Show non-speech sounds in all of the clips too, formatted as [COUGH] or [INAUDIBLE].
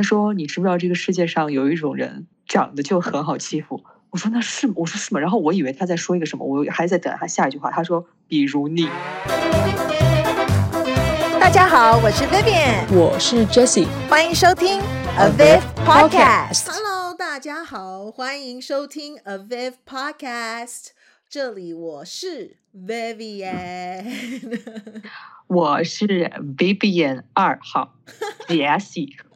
他說：“你知不知道這個世界上有一種人長得就很好欺負？”我說：“那是嗎？我說是嗎？”然後我以為他在說一個什麼，我還在等他下一句話。他說：“比如你。”大家好，我是 Vivian，我是 Jessie，歡迎收聽 aviv Podcast。 [NOISE] Hello，大家好，歡迎收聽 aviv Podcast。這裡我是 Vivian， [LAUGHS] 我是 Vivian 二號 Jessie。 [LAUGHS]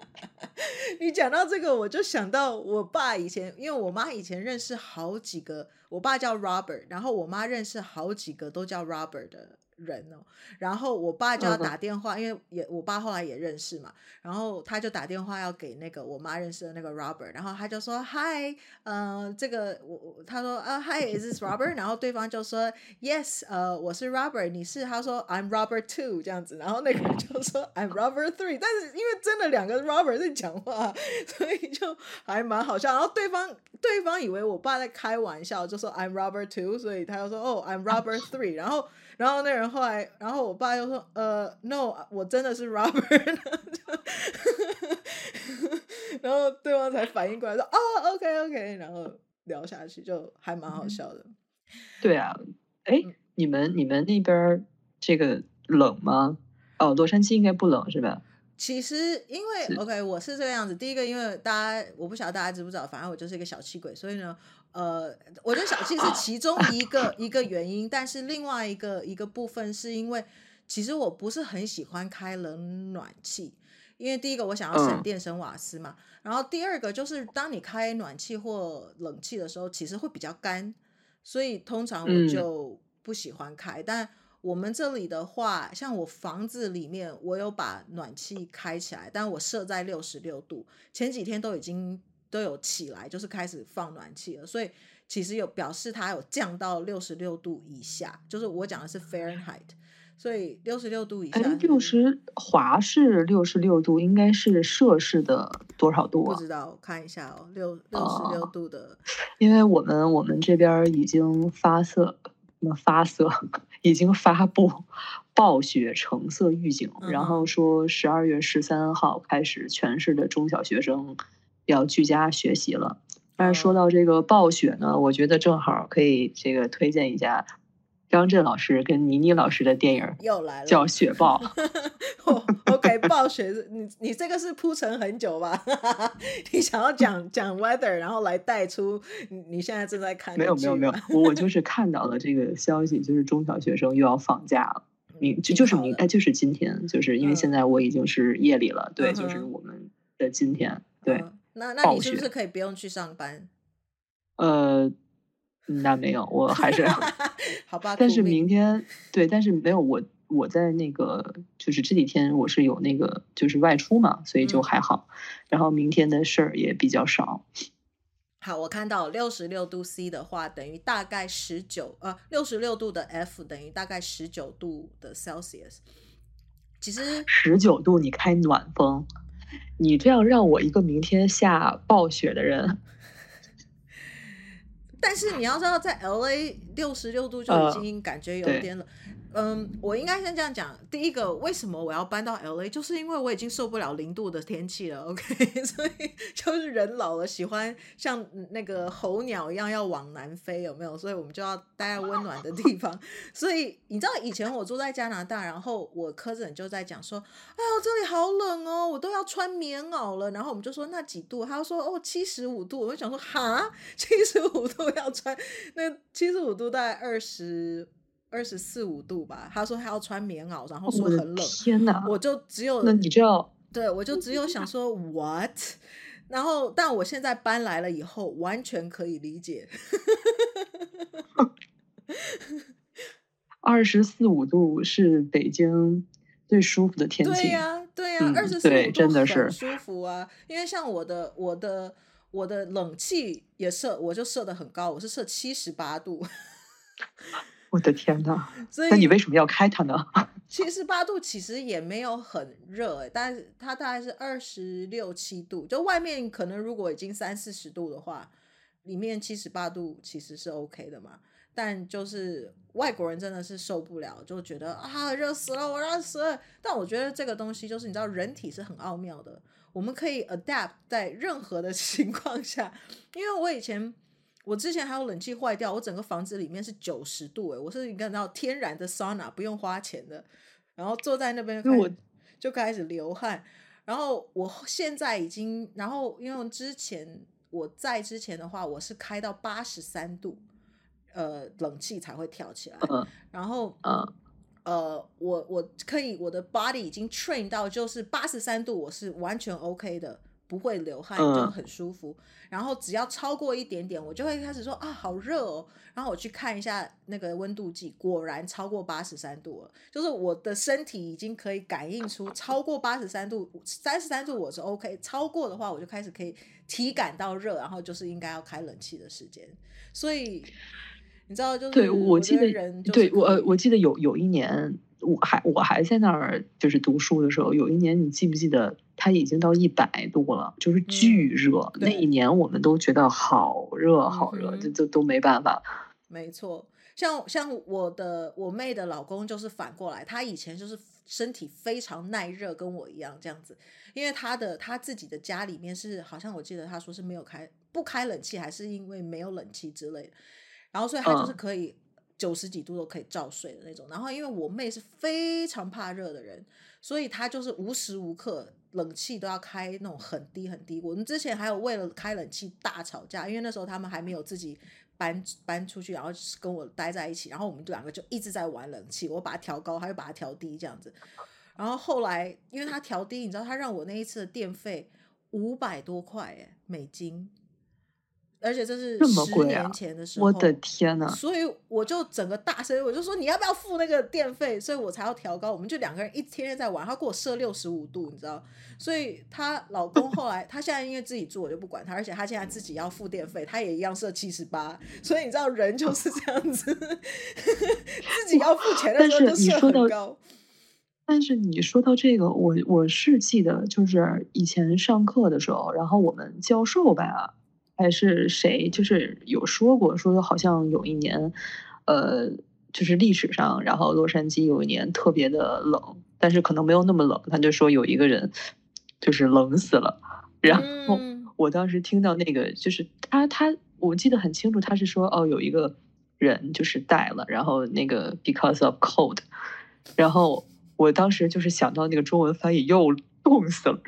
[LAUGHS] 你講到這個，我就想到我爸以前，因為我媽以前認識好幾個，我爸叫 Robert，然後我媽認識好幾個都叫 Robert 的。人哦、喔，然後我爸就要打電話，因為也我爸後來也認識嘛，然後他就打電話要給那個我媽認識的那個 Robert，然後他就說 Hi，呃，這個我他說啊、uh, Hi，is this Robert？ [LAUGHS] 然後對方就說 Yes，呃、uh,，我是 Robert，你是？他說 I'm Robert two 這樣子，然後那個人就說 I'm Robert three，但是因為真的兩個 Robert 在講話，所以就還蠻好笑。然後對方對方以為我爸在開玩笑，就說 I'm Robert two，所以他就說哦、oh, I'm Robert three， [LAUGHS] 然後。然後那人後來，然後我爸又說：“呃，no，我真的是 Robert。 [LAUGHS] ”然後對方才反應過來，說：“哦，OK，OK。Okay, ” okay, 然後聊下去就還蠻好笑的。嗯、對啊，哎，你們你們那邊這個冷嗎？哦，洛杉磯應該不冷是吧？其實因為 OK，我是這個樣子。第一個，因為大家我不曉得大家知不知道，反正我就是一個小氣鬼，所以呢。呃，我覺得小氣是其中一個 [COUGHS] 一個原因，但是另外一個一個部分是因為，其實我不是很喜歡開冷暖氣，因為第一個我想要省電省瓦斯嘛、嗯，然後第二個就是當你開暖氣或冷氣的時候，其實會比較乾，所以通常我就不喜歡開。嗯、但我們這裡的話，像我房子裡面，我有把暖氣開起來，但我設在六十六度，前幾天都已經。都有起來，就是開始放暖氣了，所以其實有表示它有降到六十六度以下，就是我講的是 Fahrenheit，所以六十六度以下，六、欸、十華氏六十六度應該是攝氏的多少度、啊？不知道，看一下哦，六六十六度的、哦，因為我們我們這邊已經發色，發色已經發布暴雪橙色預警，嗯哦、然後說十二月十三號開始全市的中小學生。要居家學習了，但是說到這個暴雪呢，oh. 我覺得正好可以這個推薦一下張震老師跟倪妮老師的電影，又來了，叫《雪暴》。O K，暴雪， [LAUGHS] 你你這個是鋪陳很久吧？ [LAUGHS] 你想要講講 weather，然後來帶出你你現在正在看？沒有沒有沒有，我就是看到了這個消息， [LAUGHS] 就是中小學生又要放假了。明就就是明哎，就是今天，就是因為現在我已經是夜裡了，oh. 對，就是我們的今天，oh. 對。Oh. 那那你是不是可以不用去上班？呃，那沒有，我還是 [LAUGHS] 好吧。但是明天 [LAUGHS] 對，但是沒有我我在那個就是這幾天我是有那個就是外出嘛，所以就還好。嗯、然後明天的事兒也比較少。好，我看到六十六度 C 的話，等於大概十九呃，六十六度的 F 等於大概十九度的 Celsius。其實十九度，你開暖風。你這樣讓我一個明天下暴雪的人，但是你要知道，在 LA 六十六度就已經感覺有點冷。呃嗯，我應該先這樣講。第一個，為什麼我要搬到 LA，就是因為我已經受不了零度的天氣了，OK？所以就是人老了，喜歡像那個候鳥一樣要往南飛，有沒有？所以我們就要待在溫暖的地方。所以你知道以前我住在加拿大，然後我科診就在講說：“哎呀，這裡好冷哦，我都要穿棉襖了。”然後我們就說那幾度，他就說：“哦，七十五度。”我就想說：“哈，七十五度要穿？那七十五度大概二十。”二十四五度吧，他說他要穿棉襖，然後說很冷。天吶，我就只有……那你就要對，我就只有想說 [NOISE] what。然後，但我現在搬來了以後，完全可以理解。 [LAUGHS] 二十四五度是北京最舒服的天氣。對呀、啊，對呀、啊，二十四五度、啊、真的是舒服啊！因為像我的，我的，我的冷氣也設，我就設的很高，我是設七十八度。 [LAUGHS] 我的天哪！所以，那你為什麼要開它呢？七十八度其實也沒有很熱耶，但是它大概是二十六七度，就外面可能如果已經三四十度的話，裡面七十八度其實是 OK 的嘛。但就是外國人真的是受不了，就覺得啊熱死了，我熱死了。但我覺得這個東西就是你知道，人體是很奧妙的，我們可以 adapt 在任何的情況下，因為我以前。我之前還有冷氣壞掉，我整個房子裡面是九十度，哎，我是一個到天然的桑拿，不用花錢的，然後坐在那邊，我就開始流汗。然後我現在已經，然後因為之前我在之前的話，我是開到八十三度，呃，冷氣才會跳起來。然後，呃，我我可以，我的 body 已經 train 到，就是八十三度，我是完全 OK 的。不會流汗就很舒服，嗯，然後只要超過一點點，我就會開始說啊，好熱哦。然後我去看一下那個溫度計，果然超過八十三度了。就是我的身體已經可以感應出超過八十三度，三十三度我是 OK，超過的話我就開始可以體感到熱，然後就是應該要開冷氣的時間。所以你知道，就是，我，人就是對，我記得，對，我，我記得有有一年，我還我還在那兒就是讀書的時候，有一年你記不記得？他已經到一百度了，就是巨熱、嗯。那一年我們都覺得好熱好熱，嗯、就就都沒辦法。沒錯，像像我的我妹的老公就是反過來，他以前就是身體非常耐熱，跟我一樣這樣子。因為他的他自己的家裡面是好像我記得他說是沒有開不開冷氣，還是因為沒有冷氣之類的。然後所以他就是可以九十幾度都可以照睡的那種、嗯。然後因為我妹是非常怕熱的人，所以他就是無時無刻。冷氣都要開那種很低很低，我們之前還有為了開冷氣大吵架，因為那時候他們還沒有自己搬搬出去，然後跟我待在一起，然後我們兩個就一直在玩冷氣，我把它調高，他又把它調低這樣子，然後後來因為他調低，你知道他讓我那一次的電費五百多塊，哎，美金。而且這是十年前的事情，這麼貴啊，我的天吶，啊，所以我就整個大聲，我就說你要不要付那個電費？所以我才要調高。我們就兩個人一天天在玩，他給我設六十五度，你知道？所以她老公後來，她 [LAUGHS] 現在因為自己住，我就不管她。而且她現在自己要付電費，她也一樣設七十八。所以你知道，人就是這樣子， [LAUGHS] [LAUGHS] 自己要付錢的時候就設很高。但是你說到，你說到這個，我我是記得，就是以前上課的時候，然後我們教授吧，還是誰就是有說過說好像有一年，呃，就是歷史上，然後洛杉磯有一年特別的冷，但是可能沒有那麼冷。他就說有一個人就是冷死了。然後我當時聽到那個就是他他我記得很清楚，他是說哦，有一個人就是帶了，然後那個 because of cold。然後我當時就是想到那個中文翻譯又凍死了，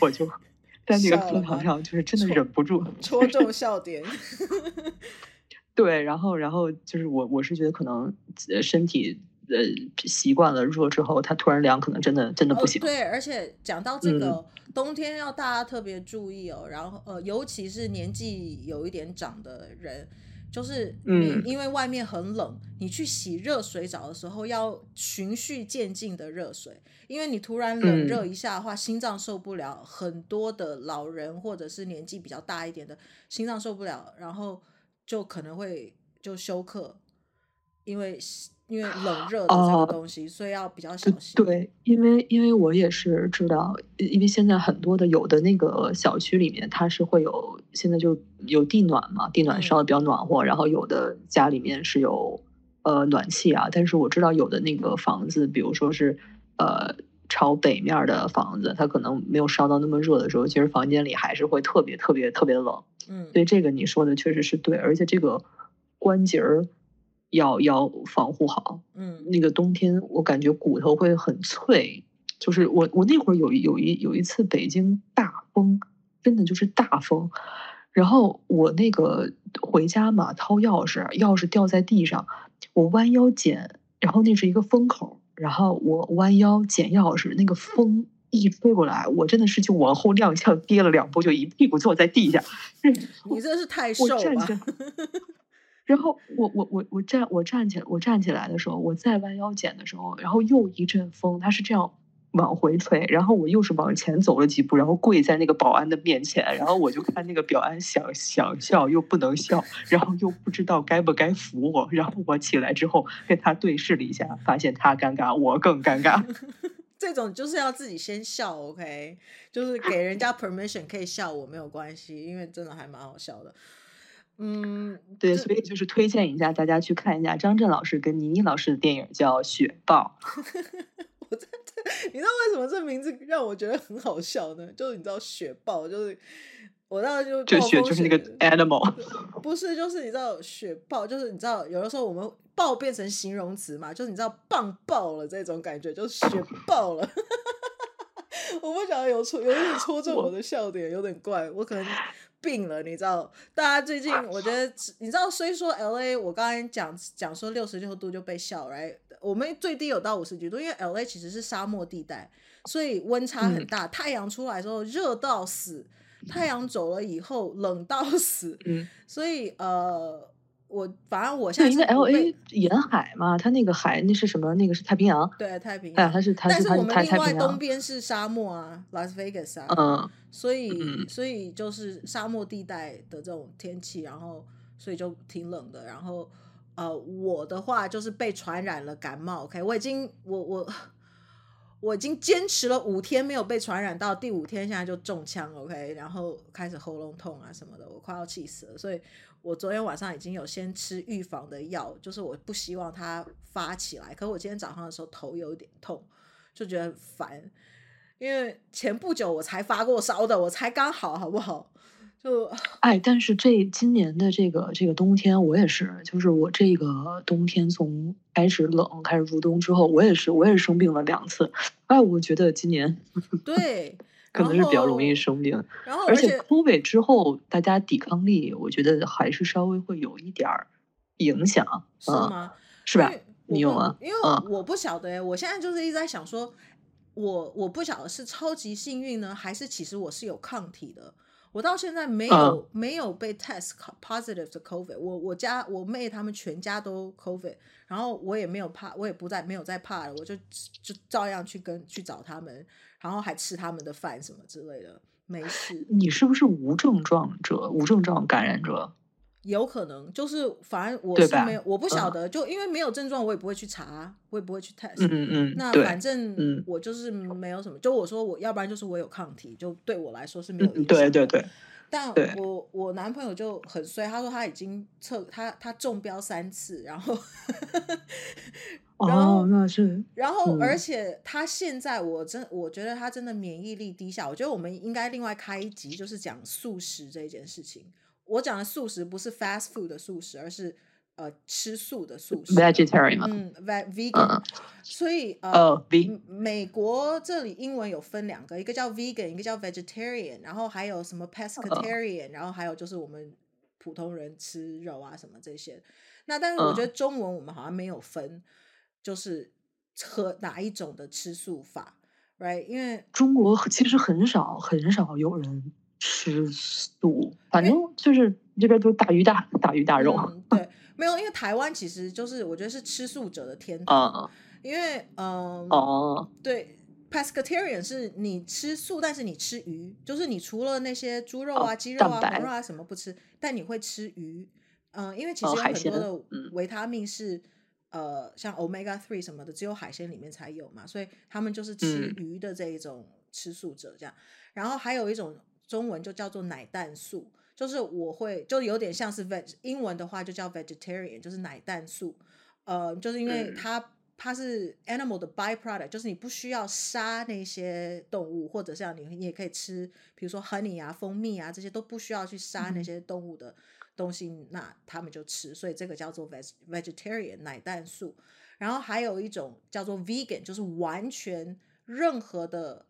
我就。在那個課堂上，就是真的忍不住戳，戳中笑點。 [LAUGHS] 對，然後，然後就是我，我是覺得可能身體呃習慣了熱之後，它突然涼，可能真的真的不行，哦。對，而且講到這個、嗯、冬天，要大家特別注意哦。然後呃，尤其是年紀有一點長的人。就是你，因為外面很冷，嗯、你去洗熱水澡的時候要循序漸進的熱水，因為你突然冷熱一下的話，嗯、心臟受不了。很多的老人或者是年紀比較大一點的，心臟受不了，然後就可能會就休克，因為。因為冷熱的這個東西，呃，所以要比較小心。對，因為因為我也是知道，因為現在很多的有的那個小區裡面，它是會有現在就有地暖嘛，地暖燒的比較暖和，嗯，然後有的家裡面是有呃暖氣啊。但是我知道有的那個房子，嗯，比如說是呃朝北面的房子，它可能沒有燒到那麼熱的時候，其實房間裡還是會特別特別特別特別冷。嗯，所以這個你說的確實是對，而且這個關節兒。要要防護好，嗯，那個冬天我感覺骨頭會很脆，就是我我那會兒有有一有一次北京大風，真的就是大風，然後我那個回家嘛掏鑰匙，鑰匙掉在地上，我彎腰撿，然後那是一個風口，然後我彎腰撿鑰匙，那個風一吹過來，嗯，我真的是就往後踉蹌，跌了兩步，就一屁股坐在地下。嗯嗯，你真的是太瘦了。我站 [LAUGHS] 然後我我我我站我站起來我站起來的時候，我再彎腰撿的時候，然後又一陣風，它是這樣往回吹，然後我又是往前走了幾步，然後跪在那個保安的面前，然後我就看那個保安想想笑又不能笑，然後又不知道該不該扶我，然後我起來之後跟他對視了一下，發現他尷尬，我更尷尬。 [LAUGHS] 這種就是要自己先笑，OK，就是給人家 permission 可以笑我，我沒有關係，因為真的還蠻好笑的。嗯，對，所以就是推薦一下大家去看一下張震老師跟倪妮，妮老師的電影，叫《雪豹》 [LAUGHS] 我真的。你知道為什麼這名字讓我覺得很好笑呢？就是你知道“雪豹”，就是我那就雪就雪就是那個 animal，不是，就是你知道“雪豹”，就是你知道有的時候我們“豹”變成形容詞嘛，就是你知道“棒爆了”這種感覺，就是“雪爆了。” [LAUGHS] 我不曉得有戳有點戳中我的笑點，有點怪，我可能。病了，你知道？大家最近，我覺得，啊、你知道，雖說 L A，我剛才講講說六十六度就被笑，right，我們最低有到五十幾度，因為 L A 其實是沙漠地帶，所以溫差很大。嗯、太陽出來時候熱到死，太陽走了以後冷到死。嗯，所以呃。我反正我現在是因為 LA 沿海嘛，它那個海那是什麼？那個是太平洋，對啊，太平洋。哎、它是，它是，但是我們另外東邊是沙漠啊，Las Vegas 啊，嗯、所以、嗯、所以就是沙漠地帶的這種天氣，然後所以就挺冷的。然後呃，我的話就是被傳染了感冒，OK，我已經我我。我我已經堅持了五天沒有被傳染到，第五天現在就中槍，OK，然後開始喉嚨痛啊什麼的，我快要氣死了。所以，我昨天晚上已經有先吃預防的藥，就是我不希望它發起來。可是我今天早上的時候頭有點痛，就覺得煩，因為前不久我才發過燒的，我才剛好，好不好？就哎，但是這今年的這個這個冬天，我也是，就是我這個冬天從開始冷開始入冬之後，我也是，我也是生病了兩次。哎，我覺得今年對可能是比較容易生病，然後而且 COVID 之後大家抵抗力，我覺得還是稍微會有一點影響，嗯、是嗎？是吧？你有嗎？因為我不曉得，我現在就是一直在想說，我我不曉得是超級幸運呢，還是其實我是有抗體的。我到現在沒有、uh, 沒有被 test positive 的 COVID，我我家我妹他們全家都 COVID，然後我也沒有怕，我也不再沒有再怕了，我就就照樣去跟去找他們，然後還吃他們的飯什麼之類的，沒事。你是不是無症狀者？無症狀感染者？有可能，就是反正我是沒有，我不曉得，嗯、就因為沒有症狀，我也不會去查，我也不會去 test。嗯嗯嗯。那反正我就是沒有什麼、嗯，就我說我要不然就是我有抗體，就對我來說是沒有、嗯。對對對。但我我男朋友就很衰，他說他已經測他他中標三次，然後， [LAUGHS] 然後、哦、那是。嗯、然後，而且他現在我真我覺得他真的免疫力低下，我覺得我們應該另外開一集，就是講素食這件事情。我講的素食不是 fast food 的素食，而是呃吃素的素食。vegetarian，嗯，ve vegan，、uh, 所以呃、uh,，美國這裡英文有分兩個，一個叫 vegan，一個叫 vegetarian，然後還有什麼 pescatarian，、uh, 然後還有就是我們普通人吃肉啊什麼這些。那但是我覺得中文我們好像沒有分，就是和哪一種的吃素法，right？因為中國其實很少很少有人。吃素，反正就是這邊都大魚大大魚大肉、啊嗯。對，沒有，因為台灣其實就是我覺得是吃素者的天堂。嗯、因為、呃、嗯哦對，pescatarian 是你吃素，但是你吃魚，就是你除了那些豬肉啊、哦、雞肉啊、牛肉啊什麼不吃，但你會吃魚。嗯，因為其實有很多的維他命是、哦、呃像 omega three 什麼的，只有海鮮裡面才有嘛，所以他們就是吃魚的這一種吃素者這樣。嗯、然後還有一種。中文就叫做奶蛋素，就是我會就有點像是 veg 英文的話就叫 vegetarian，就是奶蛋素。呃，就是因為它、嗯、它是 animal 的 byproduct，就是你不需要殺那些動物，或者像你你也可以吃，比如說 honey 啊、蜂蜜啊這些都不需要去殺那些動物的東西，嗯、那他們就吃，所以這個叫做 veg vegetarian 奶蛋素。然後還有一種叫做 vegan，就是完全任何的。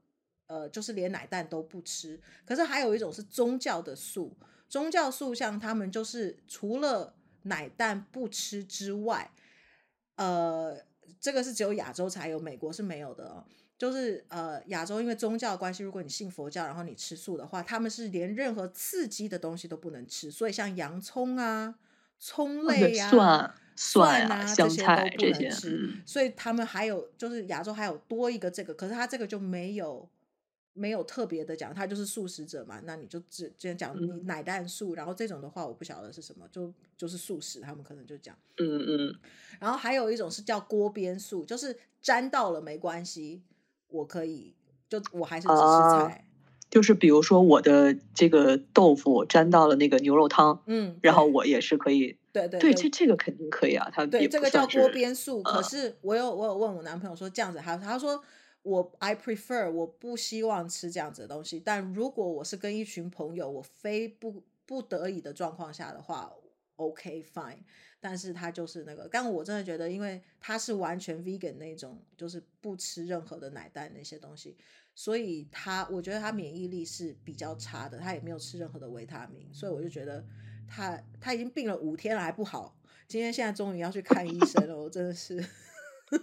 呃，就是連奶蛋都不吃。可是還有一種是宗教的素，宗教素像他們就是除了奶蛋不吃之外，呃，這個是只有亞洲才有，美國是沒有的哦。就是呃，亞洲因為宗教關係，如果你信佛教，然後你吃素的話，他們是連任何刺激的東西都不能吃，所以像洋蔥啊、蔥類呀、蒜啊、蒜啊、香菜這些都不能吃。所以他們還有就是亞洲還有多一個這個，可是他這個就沒有。沒有特別的講，他就是素食者嘛，那你就只先講你奶蛋素、嗯，然後這種的話我不曉得是什麼，就就是素食，他們可能就講，嗯嗯。然後還有一種是叫鍋邊素，就是沾到了沒關係，我可以就我還是只吃菜，啊。就是比如說我的這個豆腐沾到了那個牛肉湯，嗯，然後我也是可以，對對對，對，對，這這個肯定可以啊，他對這個叫鍋邊素。嗯、可是我有我有問我男朋友說這樣子，他他說。我 I prefer，我不希望吃這樣子的東西。但如果我是跟一群朋友，我非不不得已的狀況下的話，OK, fine。但是他就是那個，但我真的覺得，因為他是完全 vegan 那種，就是不吃任何的奶蛋那些東西，所以他我覺得他免疫力是比較差的，他也沒有吃任何的維他命，所以我就覺得他他已經病了五天了還不好，今天現在終於要去看醫生了，我真的是。 [LAUGHS] [LAUGHS]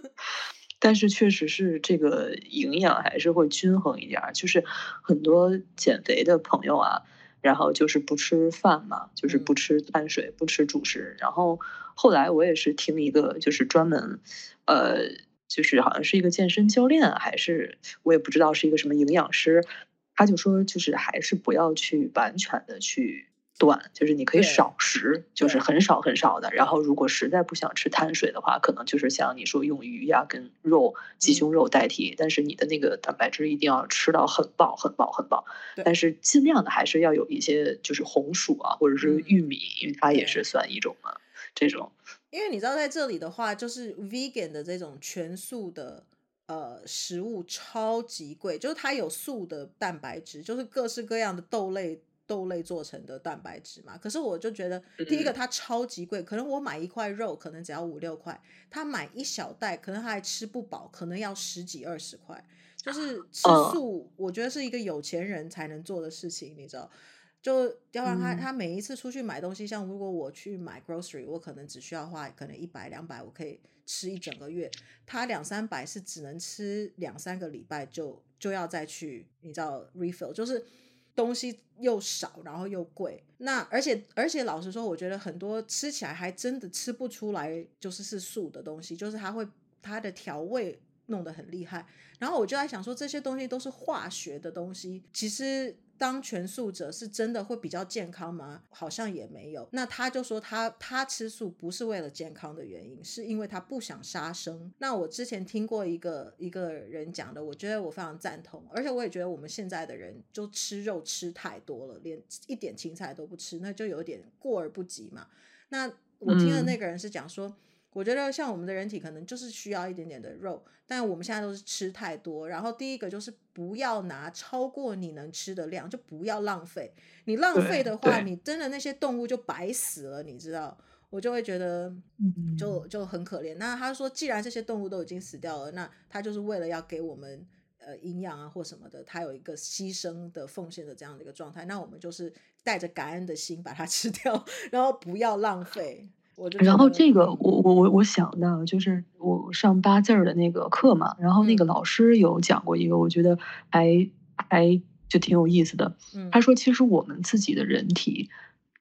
但是確實是這個營養還是會均衡一點兒，就是很多減肥的朋友啊，然後就是不吃飯嘛，就是不吃碳水，不吃主食，然後後來我也是聽一個就是專門，呃，就是好像是一個健身教練，還是我也不知道是一個什麼營養師，他就說就是還是不要去完全的去。斷就是你可以少食，就是很少很少的。然後如果實在不想吃碳水的話，可能就是像你說用魚呀、啊、跟肉、雞胸肉代替、嗯。但是你的那個蛋白質一定要吃到很飽、很飽、很飽。但是盡量的還是要有一些，就是紅薯啊，或者是玉米，嗯、因為它也是算一種嘛、啊。這種。因為你知道，在這裡的話，就是 vegan 的這種全素的呃食物超級貴，就是它有素的蛋白質，就是各式各樣的豆類。豆類做成的蛋白質嘛，可是我就覺得，第一個它超級貴、嗯，可能我買一塊肉可能只要五六塊，他買一小袋可能它還吃不飽，可能要十幾二十塊。就是吃素、哦，我覺得是一個有錢人才能做的事情，你知道，就要讓他他、嗯、每一次出去買東西，像如果我去買 grocery，我可能只需要花可能一百兩百，我可以吃一整個月，他兩三百是只能吃兩三個禮拜就，就就要再去，你知道 refill 就是。東西又少，然後又貴，那而且而且老實說，我覺得很多吃起來還真的吃不出來，就是是素的東西，就是它會它的調味弄得很厲害。然後我就在想說，這些東西都是化學的東西，其實。當全素者是真的會比較健康嗎？好像也沒有。那他就說他他吃素不是為了健康的原因，是因為他不想殺生。那我之前聽過一個一個人講的，我覺得我非常贊同，而且我也覺得我們現在的人就吃肉吃太多了，連一點青菜都不吃，那就有點過而不及嘛。那我聽的那個人是講說。嗯我覺得像我們的人體可能就是需要一點點的肉，但我們現在都是吃太多。然後第一個就是不要拿超過你能吃的量，就不要浪費。你浪費的話，你真的那些動物就白死了，你知道？我就會覺得，嗯嗯，就就很可憐。那他說，既然這些動物都已經死掉了，那他就是為了要給我們呃營養啊或什麼的，他有一個犧牲的奉獻的這樣的一個狀態。那我們就是帶着感恩的心把它吃掉，然後不要浪費。然後這個我，我我我我想到就是我上八字兒的那個課嘛，然後那個老師有講過一個，我覺得還還就挺有意思的。他說，其實我們自己的人體，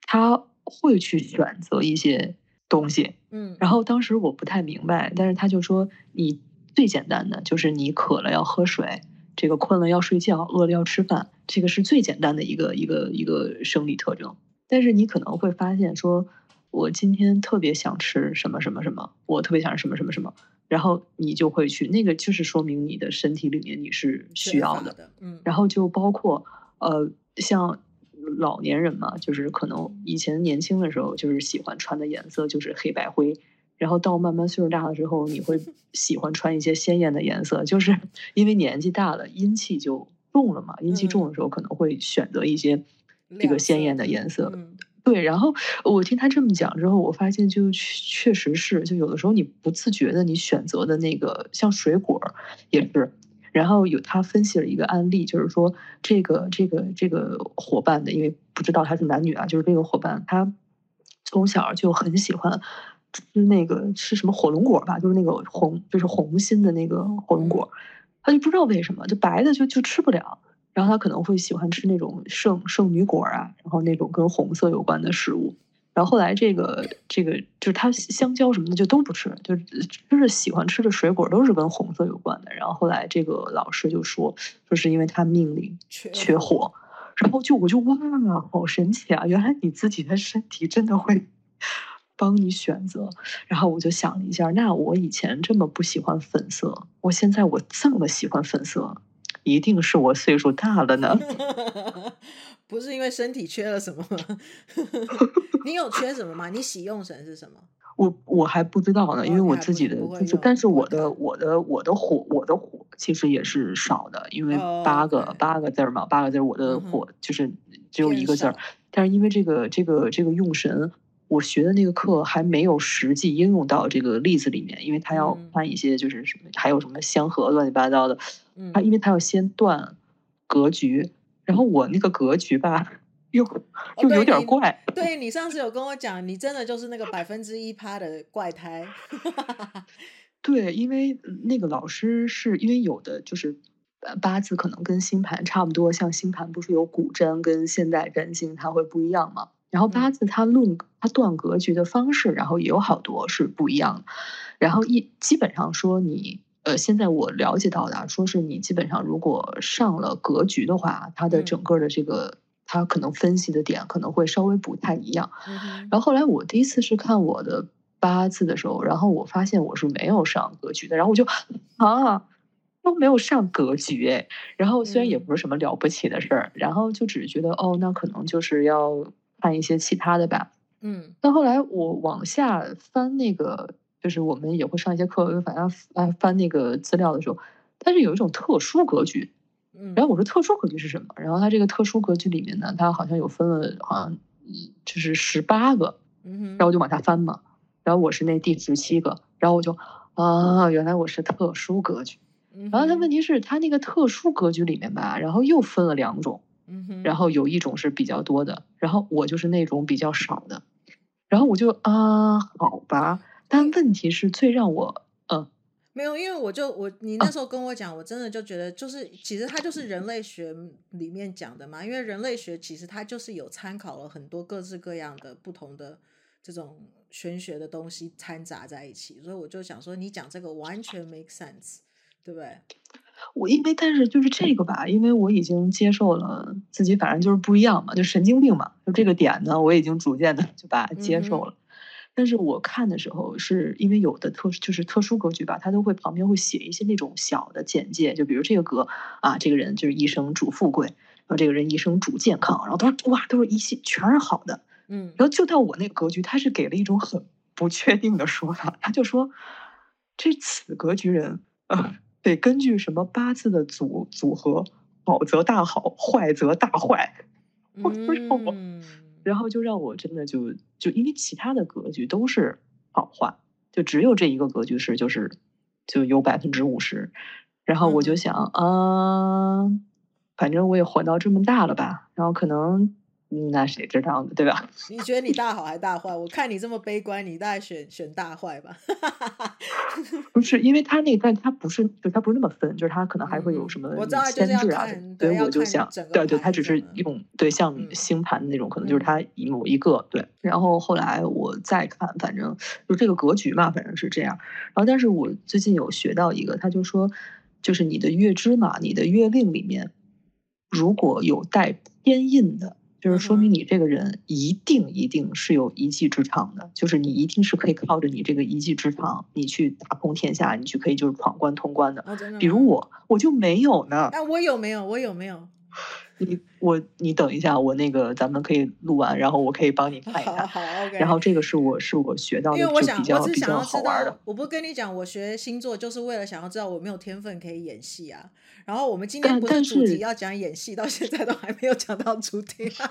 他會去選擇一些東西。然後當時我不太明白，但是他就說，你最簡單的就是你渴了要喝水，這個困了要睡覺，餓了要吃飯，這個是最簡單的一個一個一個生理特徵。但是你可能會發現說。我今天特別想吃什麼什麼什麼，我特別想吃什麼什麼什麼，然後你就會去，那個就是說明你的身體裡面你是需要的，然後就包括呃，像老年人嘛，就是可能以前年輕的時候就是喜歡穿的顏色就是黑白灰，然後到慢慢歲數大了之後，你會喜歡穿一些鮮豔的顏色，就是因為年紀大了，陰氣就重了嘛，陰氣重的時候可能會選擇一些這個鮮豔的顏色。對，然後我聽他這麼講之後，我發現就確實是，就有的時候你不自覺的，你選擇的那個像水果也是。然後有他分析了一個案例，就是說這個這個這個伙伴的，因為不知道他是男女啊，就是那個夥伴他從小就很喜歡吃那個吃什麼火龍果吧，就是那個紅就是紅心的那個火龍果，他就不知道為什麼，就白的就就吃不了。然後他可能會喜歡吃那種聖聖女果啊，然後那種跟紅色有關的食物。然後後來這個這個就是他香蕉什麼的就都不吃，就就是喜歡吃的水果都是跟紅色有關的。然後後來這個老師就說，說、就是因為他命裡缺火缺火。然後就我就哇、啊，好神奇啊！原來你自己的身體真的會幫你選擇。然後我就想了一下，那我以前這麼不喜歡粉色，我現在我這麼喜歡粉色。一定是我歲數大了呢 [LAUGHS] 不是因為身體缺了什麼嗎？ [LAUGHS] 你有缺什麼嗎？你喜用神是什麼？ [LAUGHS] 我我還不知道呢，因為我自己的就是，okay, 但是我的、okay. 我的我的火我的火其實也是少的，因為八個、okay. 八個字嘛，八個字我的火就是只有一個字兒、嗯，但是因為這個這個這個用神，我學的那個課還沒有實際應用到這個例子裡面，因為他要看一些就是什麼、嗯，還有什麼相合亂七八糟的。嗯、啊，他因為他要先斷格局，然後我那個格局吧，又、哦、又有點怪。你對，你上次有跟我講，你真的就是那個百分之一趴的怪胎。 [LAUGHS] 對，因為那個老師是因為有的就是八字可能跟星盤差不多，像星盤不是有古占跟現代占星，它會不一樣嘛。然後八字它論它斷格局的方式，然後也有好多是不一樣的。然後一基本上說你。呃，現在我了解到的，說是你基本上如果上了格局的話，它的整個的這個，它可能分析的點可能會稍微不太一樣。嗯嗯。然後後來我第一次是看我的八字的時候，然後我發現我是沒有上格局的，然後我就啊，都沒有上格局哎。然後雖然也不是什麼了不起的事兒，嗯，然後就只是覺得哦，那可能就是要看一些其他的吧。嗯。到後來我往下翻那個。就是我們也會上一些課，反正翻那個資料的時候，但是有一種特殊格局，然後我說特殊格局是什麼？然後它這個特殊格局裡面呢，它好像有分了，好像就是十八個，然後我就往下翻嘛。然後我是那第十七個，然後我就啊，原來我是特殊格局。然後它問題是它那個特殊格局裡面吧，然後又分了兩種，然後有一種是比較多的，然後我就是那種比較少的，然後我就啊，好吧。但問題是最讓我呃、嗯、沒有，因為我就我你那時候跟我講、啊，我真的就覺得就是其實它就是人類學裡面講的嘛，因為人類學其實它就是有參考了很多各式各樣的不同的這種玄學的東西摻雜在一起，所以我就想說你講這個完全 make sense，對不對？我因為但是就是這個吧，因為我已經接受了自己，反正就是不一樣嘛，就神經病嘛，就這個點呢，我已經逐漸的就把它接受了。嗯但是我看的時候，是因為有的特就是特殊格局吧，他都會旁邊會寫一些那種小的簡介，就比如這個格啊，這個人就是一生主富貴，然後這個人一生主健康，然後都是哇，都是一些全是好的，嗯，然後就到我那個格局，他是給了一種很不確定的說法，他就說這此格局人啊，呃，得根據什麼八字的組組合，好則大好，壞則大壞，我不知道。嗯。然後就讓我真的就就因為其他的格局都是好話，就只有這一個格局是就是就有百分之五十，然後我就想啊，嗯，呃，反正我也活到這麼大了吧，然後可能。那誰知道呢？對吧？你覺得你大好還是大壞？ [LAUGHS] 我看你這麼悲觀，你大概選選大壞吧。 [LAUGHS] 不是，因為他那，但他不是，就他不是那麼分，就是他可能還會有什麼限制啊、嗯我。對，對我就想，對對，他只是一種對像星盤那種，嗯、可能就是他某一個對。然後後來我再看，反正就這個格局嘛，反正是這樣。然後，但是我最近有學到一個，他就說，就是你的月支嘛，你的月令裡面如果有帶偏印的。就是說明你這個人一定一定是有一技之長的，就是你一定是可以靠着你這個一技之長，你去打通天下，你去可以就是闖關通關的。哦，真的嗎？比如我，我就沒有呢。那我有沒有？我有沒有？你我你等一下，我那個咱們可以錄完，然後我可以幫你看一看。 [LAUGHS] 好、好、okay，然後這個是我是我學到的，因為我想我是想要知道，好玩的。我不跟你講，我學星座就是為了想要知道我沒有天分可以演戲啊。然後我們今天不是你要講演戲，到現在都還沒有講到主題上。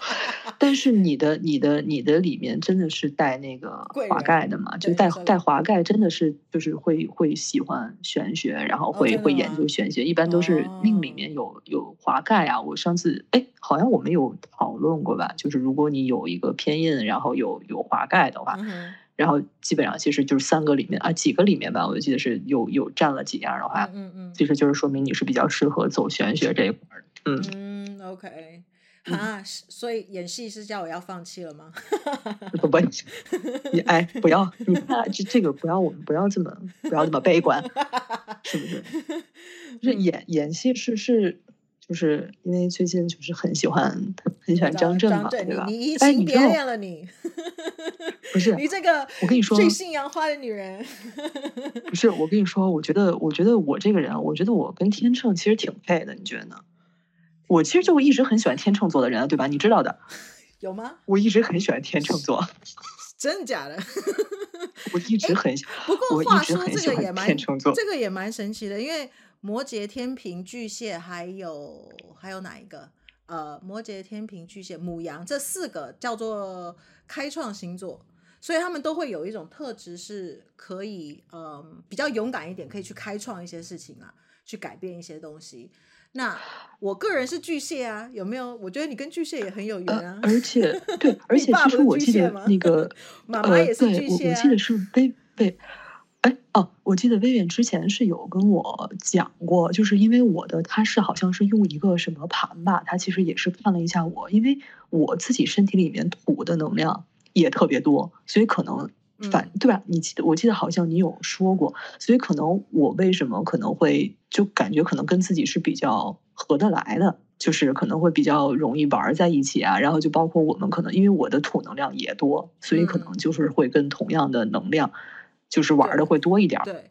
但是你的你的你的裡面真的是帶那個華蓋的嘛？就帶帶華蓋，真的是就是會會喜歡玄學，然後會、哦、會研究玄學，一般都是命裡面有有華蓋啊。我上次哎、哦，好像我們有討論過吧？就是如果你有一個偏印，然後有有華蓋的話。嗯然後基本上其實就是三個裡面啊，幾個裡面吧，我就記得是有有佔了幾樣的話，嗯嗯，其實就是說明你是比較適合走玄學這一塊兒的，嗯。嗯，OK，啊、嗯，所以演戲是叫我要放棄了嗎？我、嗯、不，你 [LAUGHS] 哎不要，你看這這個不要，我們不要這麼不要這麼悲觀，是不是？嗯、是演演戲是是。就是因為最近就是很喜歡很喜歡張震嘛，張張震，對吧？你你練練了你哎，你又變了，你 [LAUGHS] 不是你這個我跟你說，水性楊花的女人 [LAUGHS] 不是我跟你說，我覺得我覺得我這個人，我覺得我跟天秤其實挺配的，你覺得呢？我其實就一直很喜歡天秤座的人，對吧？你知道的，有嗎？我一直很喜歡天秤座， [LAUGHS] 真的假的？ [LAUGHS] 我一直很、欸，不過話說這個也蠻天秤座、這個，這個也蠻神奇的，因為。摩羯、天秤、巨蟹，還有還有哪一個？呃，摩羯、天秤、巨蟹、牡羊，這四個叫做開創星座，所以他們都會有一種特質，是可以嗯、呃、比較勇敢一點，可以去開創一些事情啊，去改變一些東西。那我個人是巨蟹啊，有沒有？我覺得你跟巨蟹也很有緣啊。啊而且對，而且 [LAUGHS] 其實我記得那個呃，對我，我記得是貝對。對哎哦、啊，我記得 Vivian 之前是有跟我講過，就是因為我的他是好像是用一個什麼盤吧，他其實也是看了一下我，因為我自己身體裡面土的能量也特別多，所以可能反、嗯、對吧？你記得我記得好像你有說過，所以可能我為什麼可能會就感覺可能跟自己是比較合得來的，就是可能會比較容易玩在一起啊，然後就包括我們可能因為我的土能量也多，所以可能就是會跟同樣的能量。就是玩的會多一點，對，對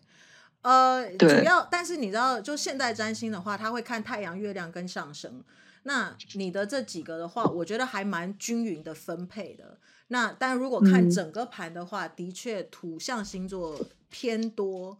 呃對，主要，但是你知道，就現代占星的話，他會看太陽、月亮跟上升。那你的這幾個的話，我覺得還蠻均勻的分配的。那但如果看整個盤的話、嗯，的確土象星座偏多，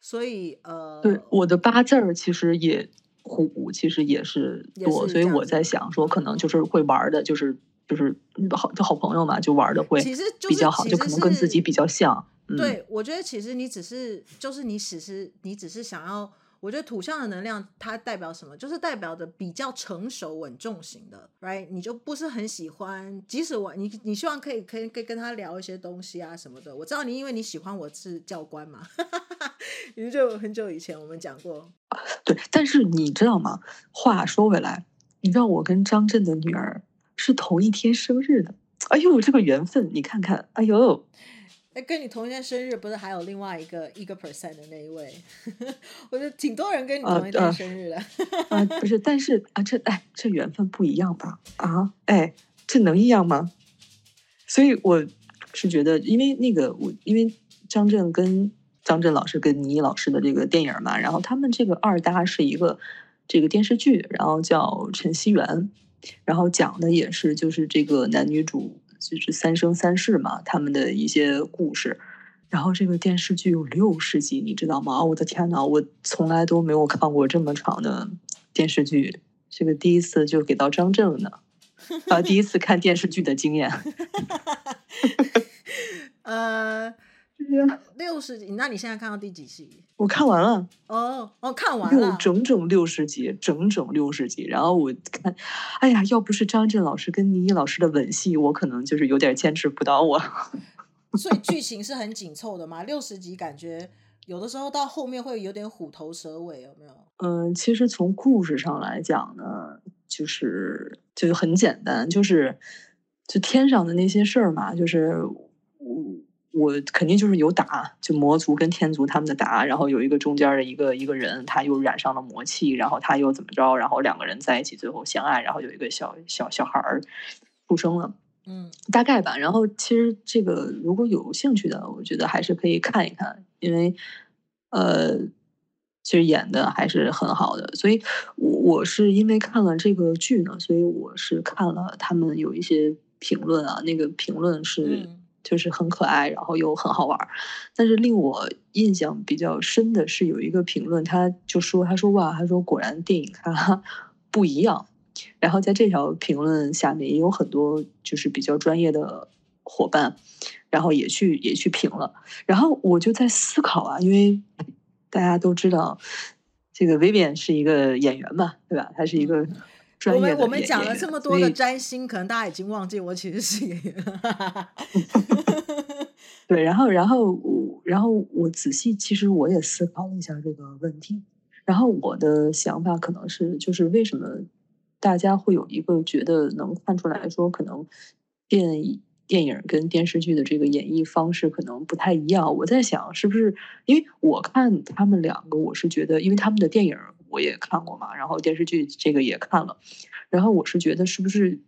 所以呃，對我的八字兒其實也土，其實也是多，是所以我在想說，可能就是會玩的、就是，就是就是好就好朋友嘛，就玩的會其實比較好、就是，就可能跟自己比較像。 [NOISE] 對，我覺得其實你只是，就是你只是，你只是想要。我覺得土象的能量它代表什麼？就是代表的比較成熟穩重型的，right？你就不是很喜歡，即使我你你希望可以可以跟跟他聊一些東西啊什麼的。我知道你，因為你喜歡我是教官嘛，哈哈哈哈哈。因為很久以前我們講過，對。但是你知道嗎？話說回來，你知道我跟張震的女兒是同一天生日的。哎呦，這個緣分，你看看，哎呦。哎，跟你同一天生日，不是還有另外一個一個 percent 的那一位？ [LAUGHS] 我覺得挺多人跟你同一天生日的，啊啊。啊，不是，但是啊，這哎，這緣分不一樣吧？啊，哎，這能一樣嗎？所以我是覺得，因為那個我，因為張震跟張震老師跟倪妮老師的這個電影嘛，然後他們這個二搭是一個這個電視劇，然後叫《宸汐緣》。然後講的也是就是這個男女主。就是三生三世嘛，他們的一些故事，然後這個電視劇有六十集，你知道嗎？哦，我的天哪，我從來都沒有看過這麼長的電視劇，這個第一次就給到張震了，啊，第一次看電視劇的經驗，哈哈哈哈哈，呃。六十集？那你現在看到第幾集？我看完了。哦哦，看完了，有整整六十集，整整六十集。然後我看，哎呀，要不是張震老師跟倪妮老師的吻戲，我可能就是有點堅持不到我。所以劇情是很緊湊的嘛？ [LAUGHS] 六十集感覺有的時候到後面會有點虎頭蛇尾，有沒有？嗯、呃，其實從故事上來講呢，就是就很簡單，就是就天上的那些事兒嘛，就是我。我肯定就是有打，就魔族跟天族他們的打，然後有一個中間的一個一個人，他又染上了魔氣，然後他又怎麼着，然後兩個人在一起，最後相愛，然後有一個小小小孩兒出生了，嗯，大概吧。然後其實這個如果有興趣的，我覺得還是可以看一看，因為呃，其實演的還是很好的。所以我，我是因為看了這個劇呢，所以我是看了他們有一些評論啊，那個評論是，嗯。就是很可愛，然後又很好玩兒，但是令我印象比較深的是有一個評論，他就說，他說哇，他說果然電影哈不一樣，然後在這條評論下面也有很多就是比較專業的夥伴，然後也去也去評了，然後我就在思考啊，因為大家都知道這個 Vivian 是一個演員嘛，對吧？她是一個。我們我們講了這麼多的占星，可能大家已經忘記我其實是演員哈哈。 [LAUGHS] [LAUGHS] 對，然後然後然後我仔細其實我也思考了一下這個問題，然後我的想法可能是就是為什麼大家會有一個覺得能看出來說，可能電影電影跟電視劇的這個演繹方式可能不太一樣。我在想是不是因為我看他們兩個，我是覺得因為他們的電影。我也看過嘛，然後電視劇這個也看了，然後我是覺得是不是，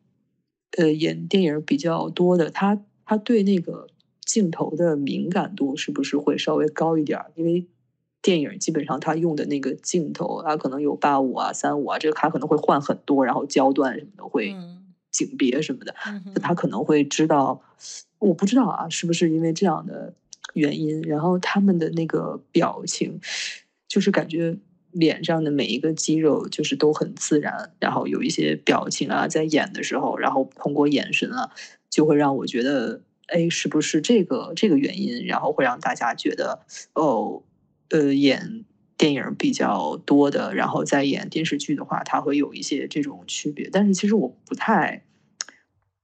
呃，演電影比較多的他，他對那個鏡頭的敏感度是不是會稍微高一點？因為電影基本上他用的那個鏡頭，他可能有八五啊、三五啊，這個卡可能會換很多，然後焦段什麼的會景別什麼的，他、嗯、可能會知道。我不知道啊，是不是因為這樣的原因，然後他們的那個表情，就是感覺。臉上的每一個肌肉就是都很自然，然後有一些表情啊，在演的時候，然後通過眼神啊，就會讓我覺得，哎，是不是這個這個原因？然後會讓大家覺得，哦，呃，演電影比較多的，然後在演電視劇的話，它會有一些這種區別。但是其實我不太，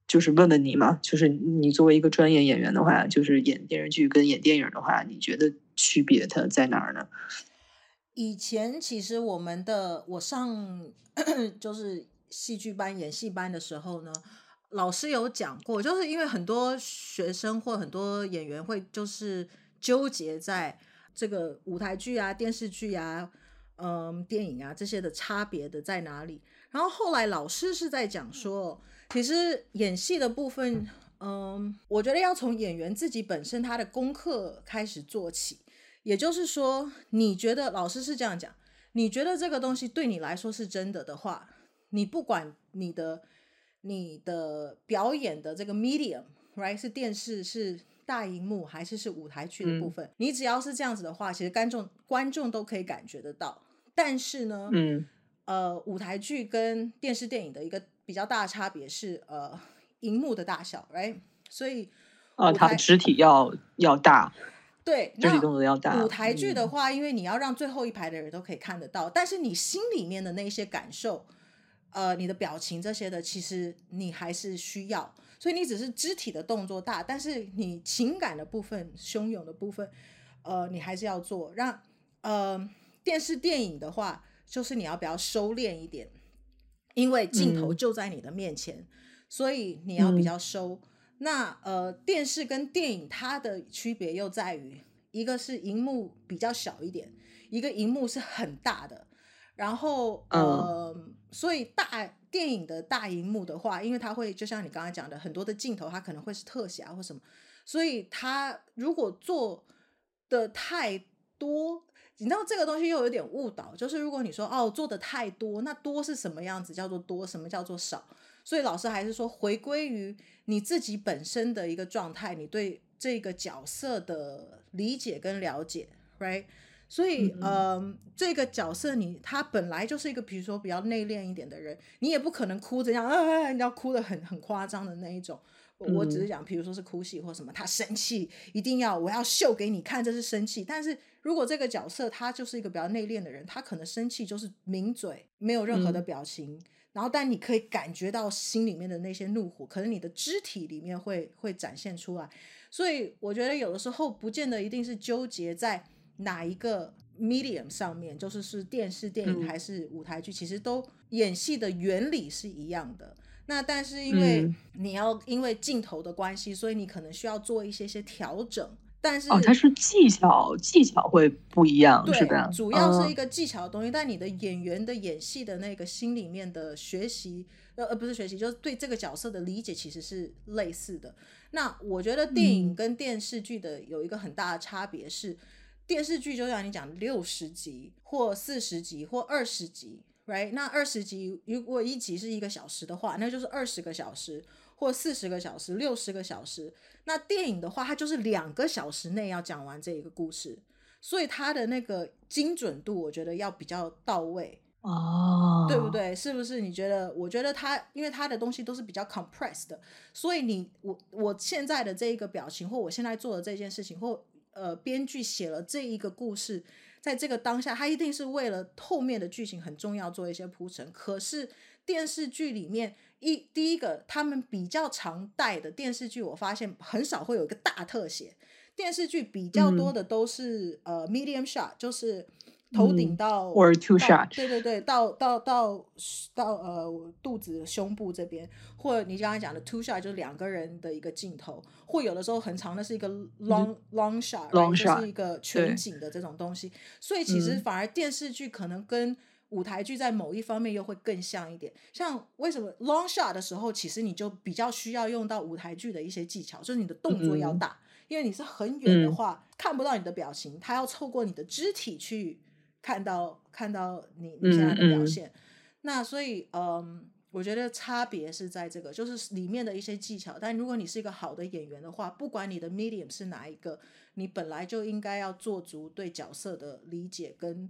就是問問你嘛，就是你作為一個專業演員的話，就是演電視劇跟演電影的話，你覺得區別它在哪兒呢？以前其實我們的，我上， [COUGHS] 就是戲劇班演戲班的時候呢，老師有講過，就是因為很多學生或很多演員會就是糾結在這個舞台劇啊、電視劇啊、嗯，電影啊這些的差別的在哪裡。然後後來老師是在講說，其實演戲的部分，嗯，我覺得要從演員自己本身他的功課開始做起。也就是說，你覺得老師是這樣講，你覺得這個東西對你來說是真的的話，你不管你的、你的表演的這個 medium, right? 是電視是大熒幕還是是舞台劇的部分，嗯，你只要是這樣子的話，其實觀眾觀眾都可以感覺得到。但是呢，嗯，呃，舞台劇跟電視電影的一個比較大的差別是呃熒幕的大小，right？所以啊，它的肢體要要大。對，那、那個、舞台劇的話，因為你要讓最後一排的人都可以看得到，嗯，但是你心裡面的那些感受，呃，你的表情這些的，其實你還是需要，所以你只是肢體的動作大，但是你情感的部分、洶湧的部分，呃，你還是要做。讓呃，電視電影的話，就是你要比較收斂一點，因為鏡頭就在你的面前，嗯，所以你要比較收。嗯那呃，電視跟電影它的區別又在於，一個是熒幕比較小一點，一個熒幕是很大的。然後、oh. 呃，所以大電影的大熒幕的話，因為它會就像你剛剛講的，很多的鏡頭它可能會是特寫、啊、或什麼，所以它如果做的太多，你知道這個東西又有點誤導。就是如果你說哦做的太多，那多是什麼樣子？叫做多，什麼叫做少？所以老師還是說，回歸於你自己本身的一個狀態，你對這個角色的理解跟了解，right？所以，嗯，嗯、呃，這個角色你他本來就是一個，比如說比較內斂一點的人，你也不可能哭着這樣，啊啊，你要哭得很很誇張的那一種。我，我只是講，比如說是哭戲或什麼，他生氣一定要我要秀給你看，這是生氣。但是如果這個角色他就是一個比較內斂的人，他可能生氣就是抿嘴，沒有任何的表情。嗯然後，但你可以感覺到心裡面的那些怒火，可能你的肢體裡面會會展現出來。所以，我覺得有的時候不見得一定是糾結在哪一個 medium 上面，就是是電視、電影還是舞台劇，其實都演戲的原理是一樣的。那但是因為你要因為鏡頭的關係，所以你可能需要做一些些調整。但是，哦，它是技巧，技巧會不一樣，對吧？對，主要是一個技巧的東西，嗯。但你的演員的演戲的那個心裡面的學習，呃呃，不是學習，就是對這個角色的理解，其實是類似的。那我覺得電影跟電視劇的有一個很大的差別是，嗯，電視劇就像你講六十集或四十集或二十集，right？那二十集如果一集是一個小時的話，那就是二十個小時。或四十個小時、六十個小時，那電影的話，它就是兩個小時內要講完這一個故事，所以它的那個精準度，我覺得要比較到位哦，oh. 對不對？是不是？你覺得？我覺得它，因為它的東西都是比較 compressed 的，所以你我我現在的這一個表情，或我現在做的這件事情，或呃，編劇寫了這一個故事，在這個當下，他一定是為了後面的劇情很重要做一些鋪陳，可是，電視劇裡面一第一個他們比較常帶的電視劇，我發現很少會有一個大特寫。電視劇比較多的都是、嗯、呃 medium shot，就是頭頂到、嗯、or two shot，對對對，到到到到呃肚子胸部這邊，或你剛才講的 two shot 就是兩個人的一個鏡頭，或者有的時候很長的是一個 long long shot，然後、right? 就是一個全景的這種東西。所以其實反而電視劇可能跟、嗯舞台劇在某一方面又會更像一點，像為什麼 long shot 的時候，其實你就比較需要用到舞台劇的一些技巧，就是你的動作要大、嗯嗯，因為你是很遠的話、嗯、看不到你的表情，他要透過你的肢體去看到看到你你現在的表現嗯嗯。那所以，嗯，我覺得差別是在這個，就是裡面的一些技巧。但如果你是一個好的演員的話，不管你的 medium 是哪一個，你本來就應該要做足對角色的理解跟。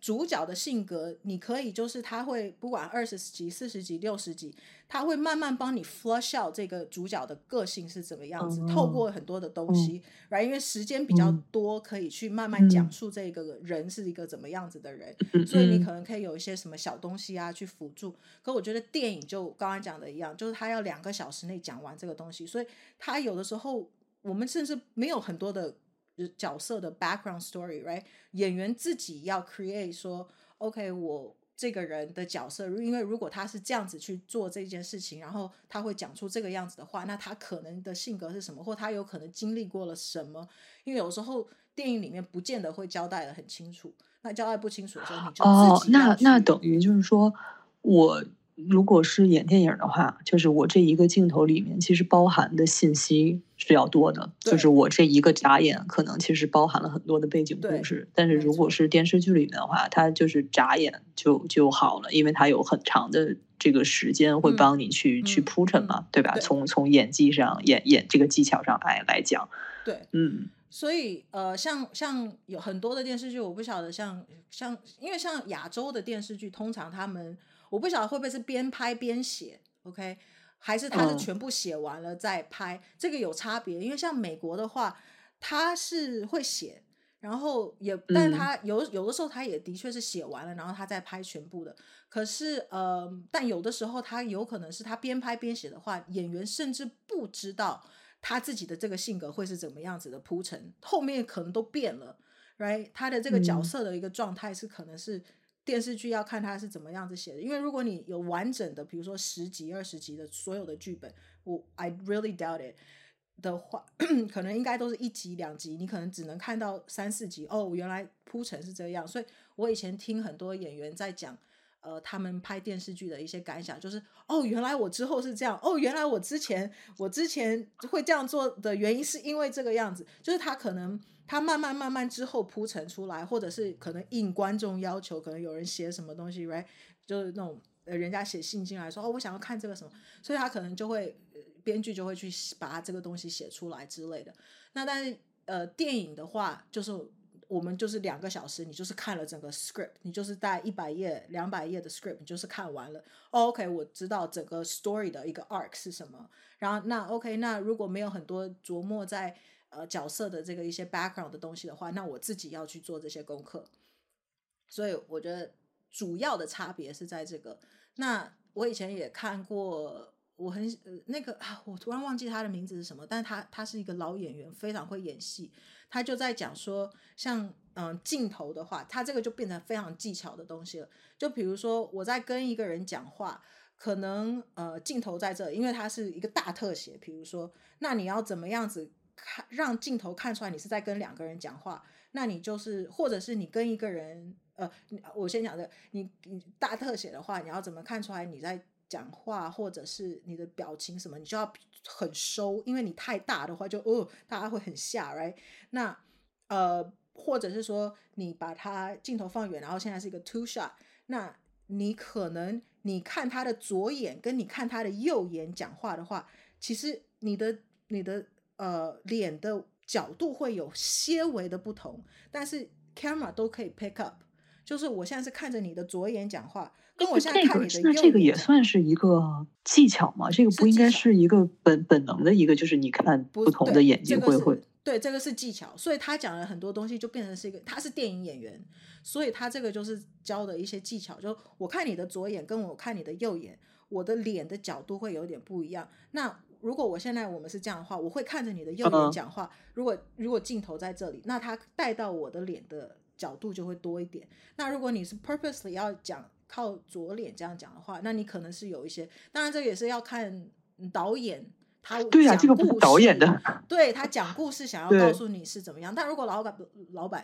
主角的性格，你可以就是他會不管二十幾、四十幾、六十幾，他會慢慢幫你 flush out 這個主角的個性是怎麼樣子，oh、透過很多的東西，oh、因為時間比較多，oh、可以去慢慢講述這個人是一個怎麼樣子的人，oh、所以你可能可以有一些什麼小東西啊去輔助。Oh、可我覺得電影就剛剛講的一樣，就是他要兩個小時內講完這個東西，所以他有的時候我們甚至沒有很多的。角色的 background story，right？演員自己要 create，說 OK，我這個人的角色，因為如果他是這樣子去做這件事情，然後他會講出這個樣子的話，那他可能的性格是什麼，或他有可能經歷過了什麼？因為有時候電影裡面不見得會交代得很清楚，那交代不清楚的時候，你就自己哦，那那等於就是說我。如果是演電影的話，就是我這一個鏡頭裡面其實包含的信息是要多的，就是我這一個眨眼，可能其實包含了很多的背景故事。但是如果是電視劇裡面的話，它就是眨眼就就好了，因為它有很長的這個時間會幫你去、嗯、去鋪陳嘛，嗯、對吧？對，從從演技上、演演這個技巧上來來講，對，嗯，所以呃，像像有很多的電視劇，我不曉得像像，因為像亞洲的電視劇，通常他們。我不曉得會不會是邊拍邊寫，OK？還是他是全部寫完了再拍？Oh. 這個有差別。因為像美國的話，他是會寫，然後也，嗯、但是他有有的時候他也的確是寫完了，然後他再拍全部的。可是呃，但有的時候他有可能是他邊拍邊寫的話，演員甚至不知道他自己的這個性格會是怎麼樣子的鋪陳，後面可能都變了，right？他的這個角色的一個狀態是可能是。嗯電視劇要看它是怎麼樣子寫的，因為如果你有完整的，比如說十集、二十集的所有的劇本，我 I really doubt it 的話，可能應該都是一集、兩集，你可能只能看到三四集。哦，我原來鋪陳是這樣，所以我以前聽很多演員在講，呃，他們拍電視劇的一些感想，就是哦，原來我之後是這樣，哦，原來我之前我之前會這樣做的原因是因為這個樣子，就是他可能。它慢慢慢慢之後鋪陳出來，或者是可能應觀眾要求，可能有人寫什麼東西，right？就是那種呃，人家寫信進來說，哦，我想要看這個什麼，所以他可能就會編劇就會去把這個東西寫出來之類的。那但是呃，電影的話，就是我們就是兩個小時，你就是看了整個 script，你就是帶一百頁、兩百頁的 script，你就是看完了，哦，OK，我知道整個 story 的一個 arc 是什麼。然後那 OK，那如果沒有很多琢磨在，呃，角色的這個一些 background 的東西的話，那我自己要去做這些功課，所以我覺得主要的差別是在這個。那我以前也看過，我很、呃、那個、啊、我突然忘記他的名字是什麼，但是他他是一個老演員，非常會演戲。他就在講說，像嗯、呃、鏡頭的話，他這個就變成非常技巧的東西了。就比如說我在跟一個人講話，可能呃鏡頭在這，因為他是一個大特寫，比如說那你要怎麼樣子？看讓鏡頭看出來你是在跟兩個人講話，那你就是或者是你跟一個人，呃，我先講的這個，你你大特寫的話，你要怎麼看出來你在講話或者是你的表情什麼，你就要很收，因為你太大的話就哦，大家會很嚇，right？那呃，或者是說你把它鏡頭放遠，然後現在是一個 two shot，那你可能你看他的左眼跟你看他的右眼講話的話，其實你的你的。呃，臉的角度會有些微的不同，但是 camera 都可以 pick up。就是我現在是看着你的左眼講話，跟我現在看你的右眼講，那這個那這個也算是一個技巧嗎？這個不應該是一個本本能的一個，就是你看不同的眼睛會會、這個。對，這個是技巧。所以他講了很多東西，就變成是一個，他是電影演員，所以他這個就是教的一些技巧。就我看你的左眼，跟我看你的右眼，我的臉的角度會有點不一樣。那如果我現在我們是這樣的話，我會看着你的右眼講話。如果如果鏡頭在這裡，那它帶到我的臉的角度就會多一點。那如果你是 purposely 要講靠左臉這樣講的話，那你可能是有一些。當然，這也是要看導演。他對、啊這個、不是導演的，對他講故事想要告訴你是怎麼樣。但如果老闆、老闆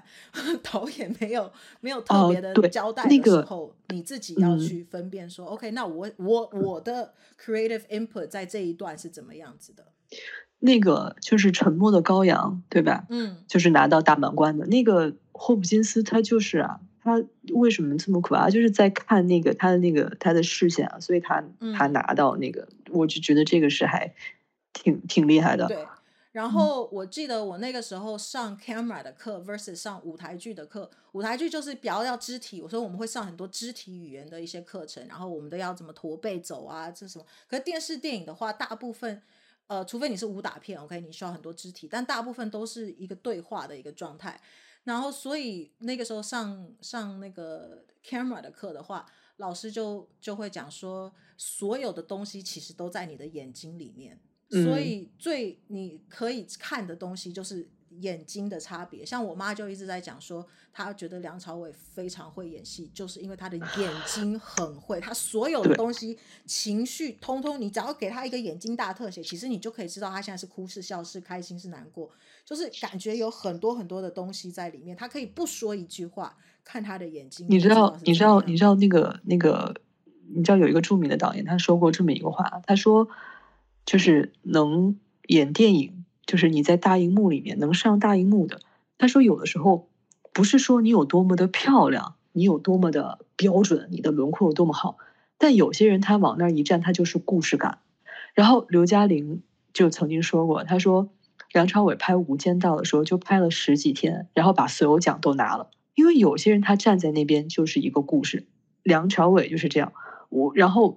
導演沒有沒有特別的交代的時候，哦那個、你自己要去分辨說、嗯、，OK，那我我我的 creative input 在這一段是怎麼樣子的？那個就是沉默的羔羊，對吧？嗯，就是拿到大滿貫的那個霍普金斯，他就是啊，他為什麼這麼可怕？就是在看那個他的那個他的視線啊，所以他、嗯、他拿到那個，我就覺得這個是還。挺挺厲害的。對，然後我記得我那個時候上 camera 的課，versus 上舞台劇的課。舞台劇就是比較要肢體，我說我們會上很多肢體語言的一些課程，然後我們都要怎麼駝背走啊，這什麼。可是電視電影的話，大部分呃，除非你是武打片，OK，你需要很多肢體，但大部分都是一個對話的一個狀態。然後所以那個時候上上那個 camera 的課的話，老師就就會講說，所有的東西其實都在你的眼睛裡面。所以最你可以看的東西就是眼睛的差別。像我媽就一直在講說，她覺得梁朝偉非常會演戲，就是因為他的眼睛很會。他所有的東西、情緒，通通你只要給他一個眼睛大特寫，其實你就可以知道他現在是哭是笑是開心是難過，就是感覺有很多很多的東西在裡面。他可以不說一句話，看他的眼睛。你知道？你知道？你知道，你知道，你知道那個那個？你知道有一個著名的導演，他說過這麼一個話，他說。就是能演電影，就是你在大熒幕裡面能上大熒幕的。他說，有的時候不是說你有多麼的漂亮，你有多麼的標準，你的輪廓有多麼好，但有些人他往那一站，他就是故事感。然後劉嘉玲就曾經說過，他說梁朝偉拍《無間道》的時候，就拍了十幾天，然後把所有獎都拿了。因為有些人他站在那邊就是一個故事，梁朝偉就是這樣。我，然後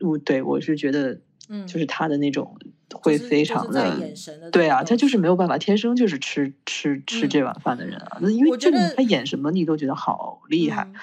我，對，我是覺得。嗯，就是他的那種會非常的，就是就是眼神的，對啊，他就是沒有辦法，天生就是吃吃吃這碗飯的人啊。那、嗯、因為這他演什麼你都覺得好厲害。我嗯、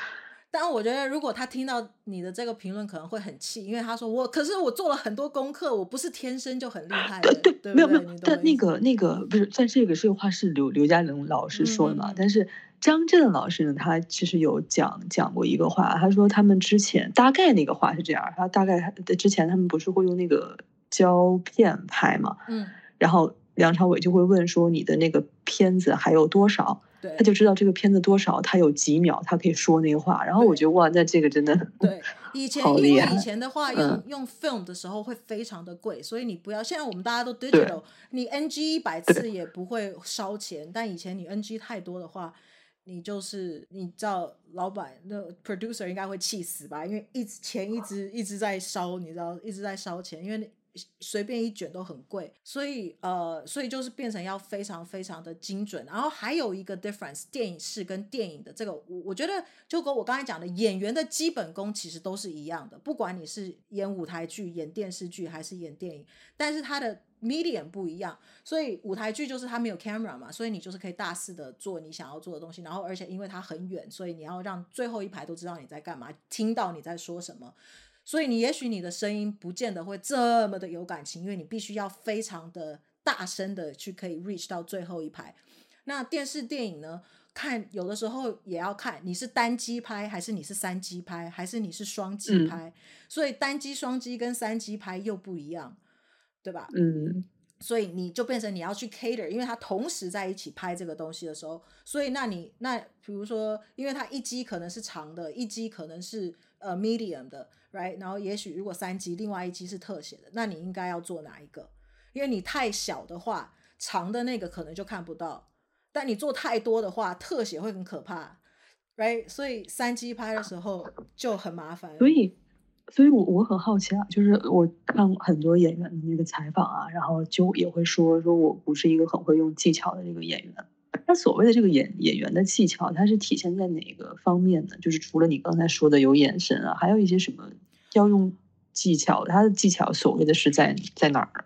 但我覺得，如果他聽到你的這個評論，可能會很氣，因為他說我，可是我做了很多功課，我不是天生就很厲害的。對對，對，對，沒有沒有。但那個那個不是，在這個這個話是劉劉嘉玲老師說的嘛、嗯？但是。張震老師呢？他其實有講講過一個話，他說他們之前大概那個話是這樣，他大概之前他們不是會用那個膠片拍嘛？嗯。然後梁朝偉就會問說：“你的那個片子還有多少？”對。他就知道這個片子多少，他有幾秒，他可以說那個話。然後我覺得哇，那這個真的很貴。對。以前 [LAUGHS] 因為以前的話用、嗯、用 film 的時候會非常的貴，所以你不要。現在我們大家都 digital，對，你 NG 一百次也不會燒錢。但以前你 NG 太多的話。你就是，你知道老闆那 producer 應該會氣死吧？因為一直，錢一直，一直在燒，你知道，一直在燒錢，因為。隨便一卷都很貴，所以呃，所以就是變成要非常非常的精準。然後還有一個 difference，電視跟電影的這個我，我我覺得就跟我剛才講的演員的基本功其實都是一樣的，不管你是演舞台劇、演電視劇還是演電影，但是它的 medium 不一樣。所以舞台劇就是它沒有 camera 嘛，所以你就是可以大肆的做你想要做的東西。然後而且因為它很遠，所以你要讓最後一排都知道你在幹嘛，聽到你在說什麼。所以你也許你的聲音不見得會這麼的有感情，因為你必須要非常的大聲的去可以 reach 到最後一排。那電視電影呢，看有的時候也要看你是單機拍還是你是三機拍還是你是雙機拍。嗯，所以單機、雙機跟三機拍又不一樣，對吧？嗯。所以你就變成你要去 cater，因為他同時在一起拍這個東西的時候，所以那你那比如說，因為他一機可能是長的，一機可能是。呃，medium 的，right，然後也許如果三機，另外一機是特寫的，那你應該要做哪一個？因為你太小的話，長的那個可能就看不到；但你做太多的話，特寫會很可怕，right？所以三機拍的時候就很麻煩。所以，所以我我很好奇啊，就是我看很多演員的那個採訪啊，然後就也會說說我不是一個很會用技巧的那個演員。那所謂的這個演演員的技巧，它是體現在哪個方面呢？就是除了你剛才說的有眼神啊，還有一些什麼要用技巧？他的技巧所謂的是在在哪兒？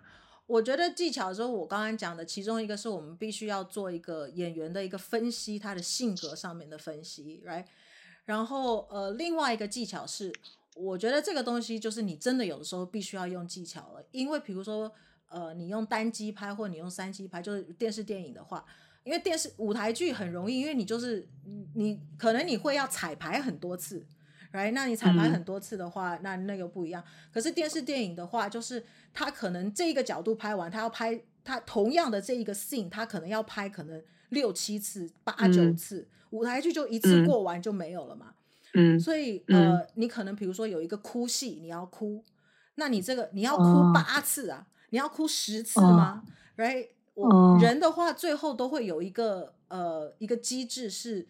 我覺得技巧就是我剛剛講的，其中一個是我們必須要做一個演員的一個分析，他的性格上面的分析，right？然後呃、另外一個技巧是，我覺得這個東西就是你真的有的時候必須要用技巧了，因為比如說呃，你用單機拍或你用三機拍，就是電視電影的話。因為電視舞台劇很容易，因為你就是你可能你會要彩排很多次，right？那你彩排很多次的話、嗯，那那個不一樣。可是電視電影的話，就是他可能這一個角度拍完，他要拍他同樣的這一個 scene，他可能要拍可能六七次、八九次、嗯。舞台劇就一次過完就沒有了嘛。嗯，所以、嗯、呃，你可能比如說有一個哭戲，你要哭，那你這個你要哭八次啊？哦、你要哭十次嗎？哦、right？人的話，最後都會有一個呃一個機制是，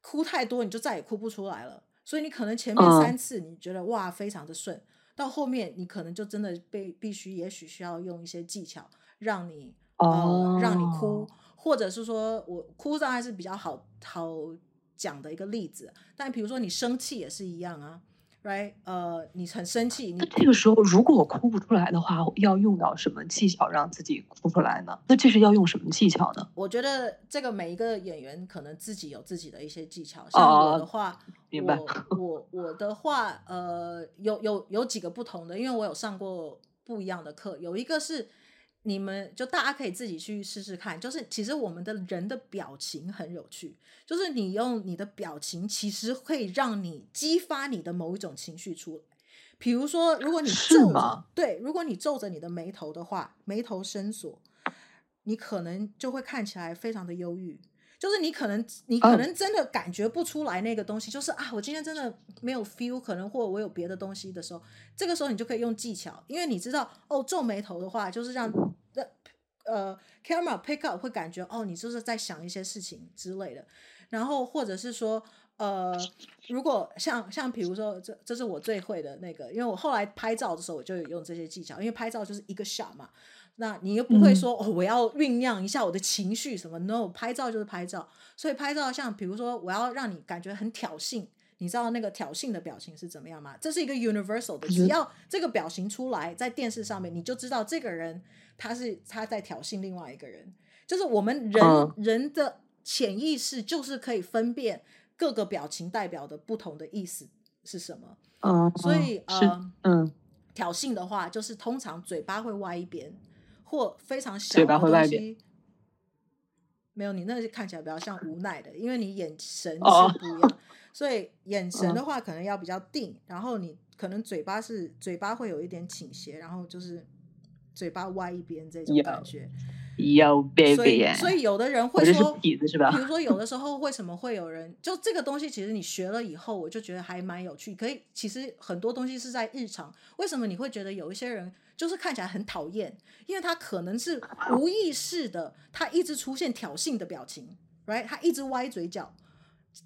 哭太多你就再也哭不出來了。所以你可能前面三次你覺得哇非常的順，到後面你可能就真的被必須也許需要用一些技巧讓你哦、呃，讓你哭，或者是說我哭當然是比較好好講的一個例子。但比如說你生氣也是一樣啊。對、Right，呃，你很生氣。那這個時候，如果我哭不出來的話要用到什麼技巧讓自己哭出來呢？那這是要用什麼技巧呢？我覺得這個每一個演員可能自己有自己的一些技巧。像我的話，哦、明白。我我我的話，呃，有有有幾個不同的，因為我有上過不一樣的課，有一個是。你們就大家可以自己去試試看，就是其實我們的人的表情，很有趣，就是你用你的表情，其實會讓你激發你的某一種情緒出來。比如說，如果你皺，對，如果你皺着你的眉頭的話，眉頭深鎖，你可能就會看起來非常的憂鬱。就是你可能，你可能真的感覺不出來那個東西。Oh. 就是啊，我今天真的沒有 feel，可能或我有別的東西的時候，這個時候你就可以用技巧，因為你知道哦，皺眉頭的話就是讓呃 camera pick up 會感覺哦，你就是在想一些事情之類的。然後或者是說呃，如果像像比如說這這是我最會的那個，因為我後來拍照的時候我就有用這些技巧，因為拍照就是一個 shot 嘛。那你又不會說、嗯、哦，我要醞釀一下我的情緒什麼？No，拍照就是拍照。所以拍照像比如說，我要讓你感覺很挑釁，你知道那個挑釁的表情是怎麼樣嗎？這是一個 universal 的，只要這個表情出來在電視上面，你就知道這個人他是他在挑釁另外一個人。就是我們人、哦、人的潛意識就是可以分辨各個表情代表的不同的意思是什麼。哦、所以、哦、呃嗯，挑釁的話就是通常嘴巴會歪一邊。或非常小的東西，沒有你那個看起來比較像無奈的，因為你眼神是不一樣，oh. 所以眼神的話可能要比較定，oh. 然後你可能嘴巴是，oh. 嘴巴會有一點傾斜，然後就是嘴巴歪一邊這種感覺。Yo, Yo baby，所以，所以有的人會說是吧，比如說有的時候為什麼會有人就這個東西，其實你學了以後，我就覺得還蠻有趣。可以，其實很多東西是在日常，為什麼你會覺得有一些人？就是看起來很討厭，因為他可能是無意識的，他一直出現挑釁的表情，right？他一直歪嘴角，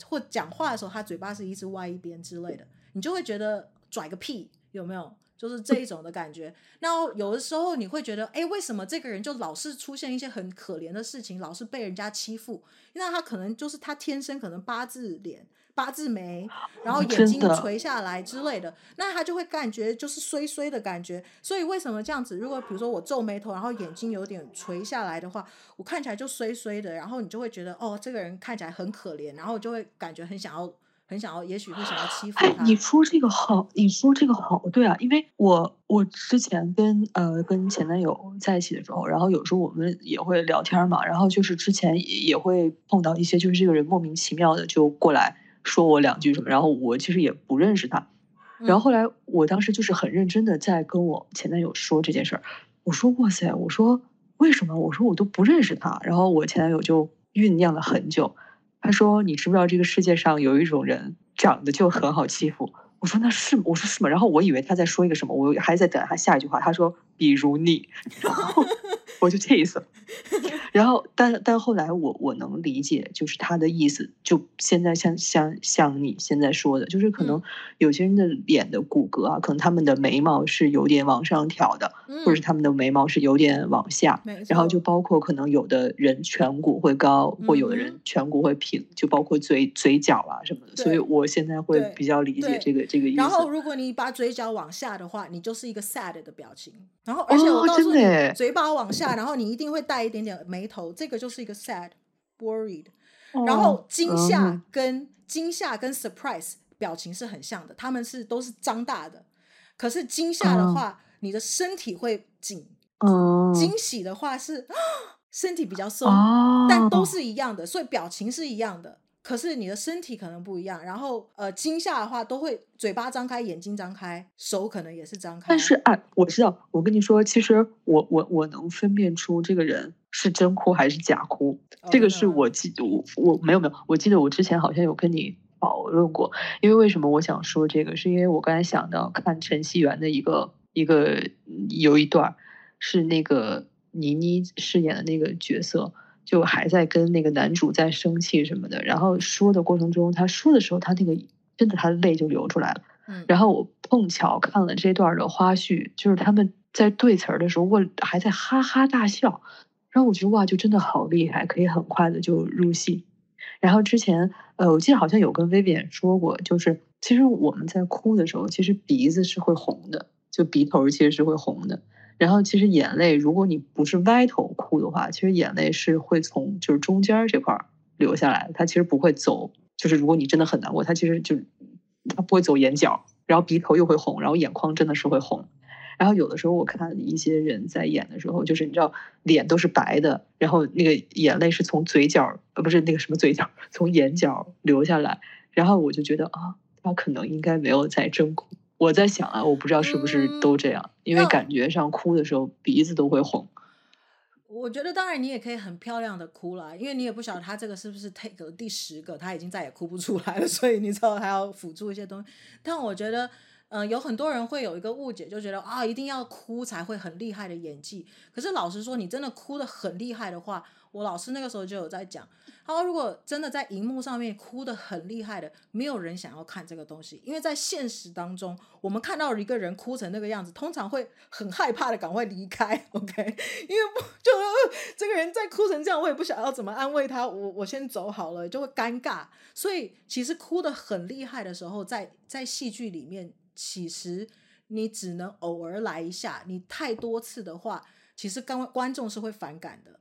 或講話的時候他嘴巴是一直歪一邊之類的，你就會覺得拽個屁，有沒有？就是這一種的感覺。然後有的時候你會覺得，誒、欸，為什麼這個人就老是出現一些很可憐的事情，老是被人家欺負？那他可能就是他天生可能八字臉。八字眉，然後眼睛垂下來之類的，真的，那他就會感覺就是衰衰的感覺。所以為什麼這樣子？如果比如說我皺眉頭，然後眼睛有點垂下來的話，我看起來就衰衰的，然後你就會覺得哦，這個人看起來很可憐，然後就會感覺很想要，很想要，也許會想要欺負他。你說這個好，你說這個好，對啊，因為我我之前跟呃跟前男友在一起的時候，然後有時候我們也會聊天嘛，然後就是之前也會碰到一些，就是這個人莫名其妙的就過來。說我兩句什麼，然後我其實也不認識他，然後後來我當時就是很認真的在跟我前男友說這件事兒，我說哇塞，我說為什麼？我說我都不認識他，然後我前男友就醞釀了很久，他說你知不知道這個世界上有一種人長得就很好欺負？我說那是，我說是嗎？然後我以為他在說一個什麼，我還在等他下一句話，他說比如你，然後。 [LAUGHS] 我就這意思，然後，但但後來我我能理解，就是他的意思。就現在像像，像你現在說的，就是可能有些人的臉的骨骼啊，嗯、可能他們的眉毛是有點往上挑的，嗯、或者是他們的眉毛是有點往下。然後就包括可能有的人顴骨會高，嗯、或有的人顴骨會平，嗯、就包括嘴嘴角啊什麼的。所以我現在會比較理解這個這個意思。然後，如果你把嘴角往下的話，你就是一個 sad 的表情。然後，而且我告訴你，哦、真的、嘴巴往下。嗯然後你一定會帶一點點眉頭，這個就是一個 sad worried。Oh, 然後驚嚇跟、uh, 驚嚇跟 surprise 表情是很像的，他們是都是張大的。可是驚嚇的話，uh, 你的身體會緊；uh, 驚喜的話是身體比較鬆，uh, 但都是一樣的，所以表情是一樣的。可是你的身體可能不一樣，然後呃驚嚇的話都會嘴巴張開，眼睛張開，手可能也是張開。但是哎、啊，我知道，我跟你說，其實我我我能分辨出這個人是真哭還是假哭，哦、這個是我記我我沒有沒有，我記得我之前好像有跟你討論過，因為為什麼我想說這個，是因為我剛才想到看宸汐緣的一個一個有一段是那個倪妮、妮飾演的那個角色。就還在跟那個男主在生氣什麼的，然後說的過程中，他說的時候，他那個真的，他的淚就流出來了。嗯，然後我碰巧看了這段的花絮，就是他們在對詞兒的時候，我還在哈哈大笑，然後我覺得哇，就真的好厲害，可以很快的就入戲。然後之前，呃，我記得好像有跟 Vivian 說過，就是其實我們在哭的時候，其實鼻子是會紅的，就鼻頭其實是會紅的。然後，其實眼淚，如果你不是歪頭哭的話，其實眼淚是會從就是中間這塊流下來。它其實不會走，就是如果你真的很難過，它其實就它不會走眼角，然後鼻頭又會紅，然後眼眶真的是會紅。然後有的時候我看一些人在演的時候，就是你知道臉都是白的，然後那個眼淚是從嘴角，呃，不是那個什麼嘴角，從眼角流下來，然後我就覺得啊，他可能應該沒有在真哭。我在想啊，我不知道是不是都這樣，嗯、因為感覺上哭的時候鼻子都會紅。我覺得當然你也可以很漂亮的哭了，因為你也不曉得他這個是不是 take 第十個他已經再也哭不出來了，所以你知道還要輔助一些東西。但我覺得，嗯、呃，有很多人會有一個誤解，就覺得啊，一定要哭才會很厲害的演技。可是老實說，你真的哭得很厲害的話。我老師那個時候就有在講，他說如果真的在熒幕上面哭得很厲害的，沒有人想要看這個東西，因為在現實當中，我們看到一個人哭成那個樣子，通常會很害怕的，趕快離開，OK？因為不，就、呃、這個人在哭成這樣，我也不曉得要怎麼安慰他，我我先走好了，就會尷尬。所以其實哭得很厲害的時候，在在戲劇裡面，其實你只能偶爾來一下，你太多次的話，其實剛觀眾是會反感的。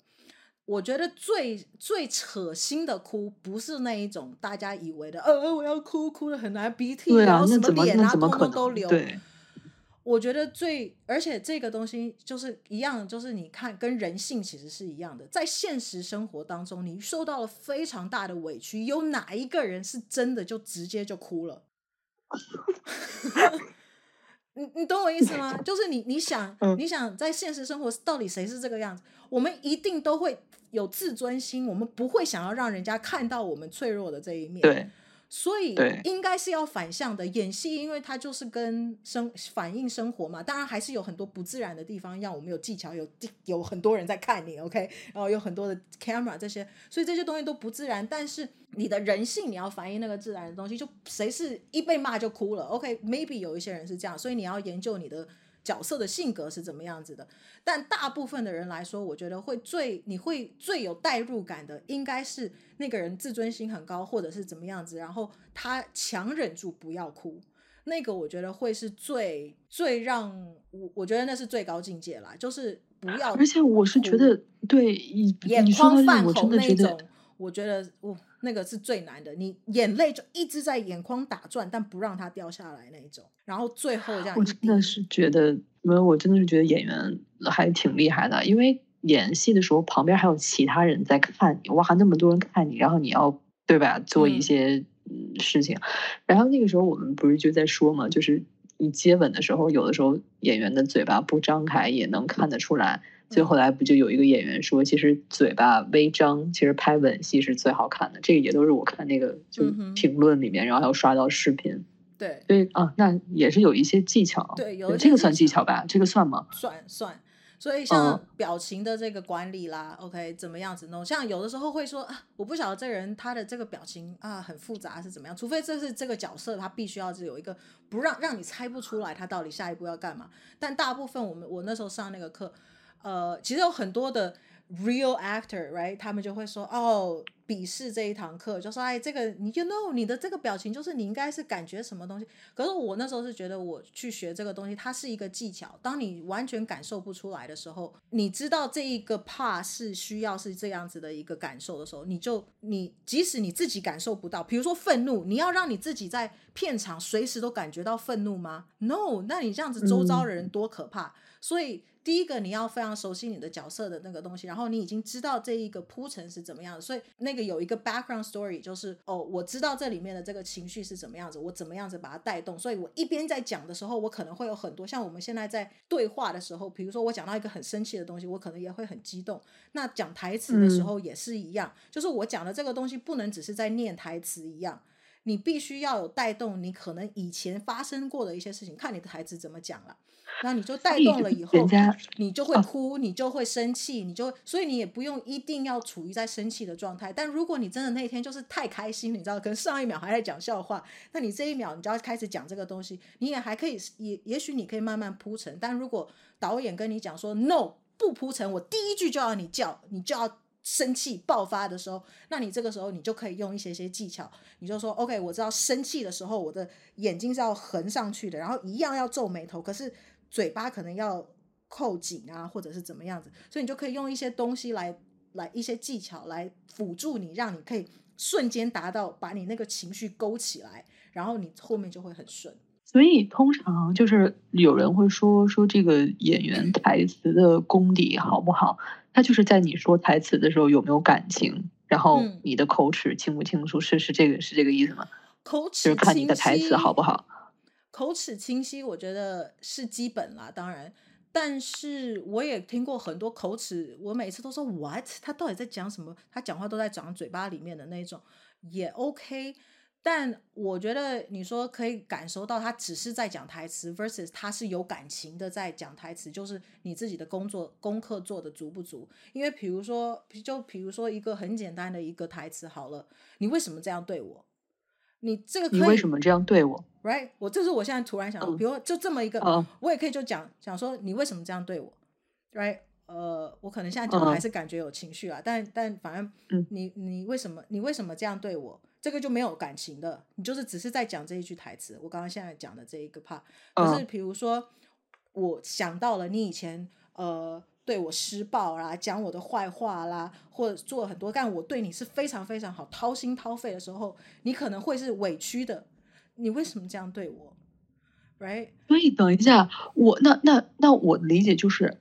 我覺得最最扯心的哭不是那一種大家以為的，呃、哦、我要哭，哭得很難，鼻涕，啊、然後什麼臉麼麼啊，通通都流。我覺得最，而且這個東西就是一樣，就是你看，跟人性其實是一樣的，在現實生活當中，你受到了非常大的委屈，有哪一個人是真的就直接就哭了？ [LAUGHS] [LAUGHS] 你你懂我意思嗎？ [LAUGHS] 就是你你想、嗯、你想在現實生活，到底誰是這個樣子？我們一定都會有自尊心，我們不會想要讓人家看到我們脆弱的這一面。對，所以對，應該是要反向的演戲，因為它就是跟生反映生活嘛。當然還是有很多不自然的地方，讓我們有技巧，有有很多人在看你，OK，然後有很多的 camera 這些，所以這些東西都不自然。但是你的人性，你要反映那個自然的東西，就誰是一被罵就哭了，OK，maybe、okay? 有一些人是這樣，所以你要研究你的。角色的性格是怎麼樣子的？但大部分的人來說，我覺得會最你會最有代入感的，應該是那個人自尊心很高，或者是怎麼樣子，然後他強忍住不要哭，那個我覺得會是最最讓我我覺得那是最高境界啦，就是不要哭。而且我是覺得，對，眼眶泛紅的那種，我覺得我。哦。那個是最難的，你眼淚就一直在眼眶打轉，但不讓它掉下來那一種。然後最後一下，我真的是覺得，沒有，我真的是覺得演員還挺厲害的，因為演戲的時候旁邊還有其他人在看你，哇，那麼多人看你，然後你要，對吧，做一些、嗯嗯、事情。然後那個時候我們不是就在說嘛，就是你接吻的時候，有的時候演員的嘴巴不張開也能看得出來。最後來不就有一個演員說，其實嘴巴微張，其實拍吻戲是最好看的。這個也都是我看那個就評論裡面，嗯、然後要刷到視頻。對，所以啊，那也是有一些技巧。對，有一對這個算技巧吧？這個算嗎？算算。所以像表情的這個管理啦、嗯、，OK，怎麼樣子弄？像有的時候會說啊，我不曉得這個人他的這個表情啊很複雜是怎麼樣，除非這是這個角色他必須要是有一個不讓讓你猜不出來他到底下一步要幹嘛。但大部分我們我那時候上那個課。呃，其實有很多的 real actor，right？他們就會說，哦，鄙視這一堂課，就說，哎，這個，你 you know，你的這個表情就是你應該是感覺什麼東西。可是我那時候是覺得，我去學這個東西，它是一個技巧。當你完全感受不出來的時候，你知道這一個 part 是需要是這樣子的一個感受的時候，你就你即使你自己感受不到，比如說憤怒，你要讓你自己在片場隨時都感覺到憤怒嗎？No，那你這樣子周遭的人多可怕。嗯、所以。第一個，你要非常熟悉你的角色的那個東西，然後你已經知道這一個鋪陳是怎麼樣的，所以那個有一個 background story，就是哦，我知道這裡面的這個情緒是怎麼樣子，我怎麼樣子把它帶動，所以我一邊在講的時候，我可能會有很多像我們現在在對話的時候，比如說我講到一個很生氣的東西，我可能也會很激動。那講台詞的時候也是一樣，嗯，就是我講的這個東西不能只是在念台詞一樣，你必須要有帶動，你可能以前發生過的一些事情，看你的台詞怎麼講了。那你就帶動了以後，你就會哭，你就會生氣，你就所以你也不用一定要處於在生氣的狀態。但如果你真的那一天就是太開心，你知道，跟上一秒還在講笑話，那你這一秒你就要開始講這個東西，你也還可以，也也許你可以慢慢鋪陳。但如果導演跟你講說 “no”，不鋪陳，我第一句就要你叫，你就要生氣爆發的時候，那你這個時候你就可以用一些些技巧，你就說 “OK”，我知道生氣的時候我的眼睛是要橫上去的，然後一樣要皺眉頭，可是。嘴巴可能要扣緊啊，或者是怎麼樣子，所以你就可以用一些東西來來一些技巧來輔助你，讓你可以瞬間達到把你那個情緒勾起來，然後你後面就會很順。所以通常就是有人會說說這個演員台詞的功底好不好，他就是在你說台詞的時候有沒有感情，然後你的口齒清不清不楚，是是這個是這個意思嗎？口齒就是看你的台詞好不好。口齒清晰，我覺得是基本啦，當然，但是我也聽過很多口齒，我每次都說 what，他到底在講什麼？他講話都在長嘴巴裡面的那一種，也 OK，但我覺得你說可以感受到他只是在講台詞，versus 他是有感情的在講台詞，就是你自己的工作功課做得足不足？因為比如說，就比如說一個很簡單的一個台詞，好了，你為什麼這樣對我？你這個，可以。你為什麼這樣對我？Right，我就是我現在突然想到，uh, 比如就這麼一個，uh, 我也可以就講講說，你為什麼這樣對我？Right，呃，我可能現在講的還是感覺有情緒啊，uh, 但但反正你，你、uh, 你為什麼你為什麼這樣對我？這個就沒有感情的，你就是只是在講這一句台詞。我剛剛現在講的這一個 part，就是比如說，uh, 我想到了你以前，呃。對我施暴啦，講我的壞話啦，或者做很多，但我對你是非常非常好，掏心掏肺的時候，你可能會是委屈的。你為什麼這樣對我？Right？所以等一下，我那那那我理解就是，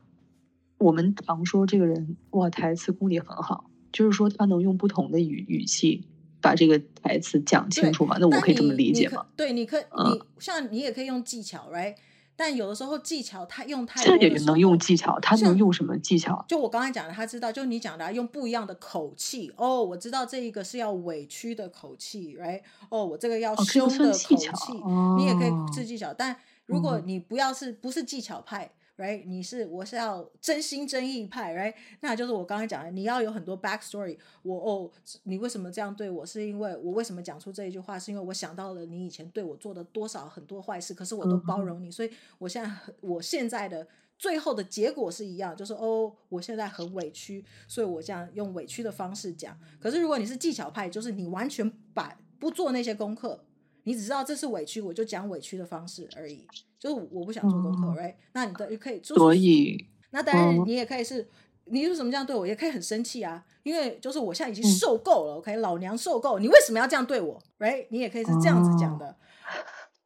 我們常說這個人哇，台詞功底很好，就是說他能用不同的語語氣把這個台詞講清楚嗎？那我可以這麼理解嗎？對，你可以，你、嗯、像你也可以用技巧，right？但有的時候技巧，他用太多……這也能用技巧，他能用什麼技巧啊？就我剛才講的，他知道，就你講的啊，用不一樣的口氣。哦，我知道這一個是要委屈的口氣，right？哦，我這個要凶的口氣，這個，你也可以是技巧哦。但如果你不要，是、嗯、不是技巧派？right，你是我是要真心真意派，right，那就是我剛剛講的，你要有很多 back story，我哦，你為什麼這樣對我，是因為我為什麼講出這一句話，是因為我想到了你以前對我做的多少很多壞事，可是我都包容你，嗯、所以我現在我現在的最後的結果是一樣，就是哦，我現在很委屈，所以我這樣用委屈的方式講。可是如果你是技巧派，就是你完全把不做那些功課。你只知道這是委屈，我就講委屈的方式而已。就是我不想做功課，right？、嗯、那你的可以做。所以那當然，你也可以是、嗯，你為什麼這樣對我？也可以很生氣啊，因為就是我現在已經受夠了，OK？、嗯、老娘受夠你為什麼要這樣對我，right？你也可以是這樣子講的。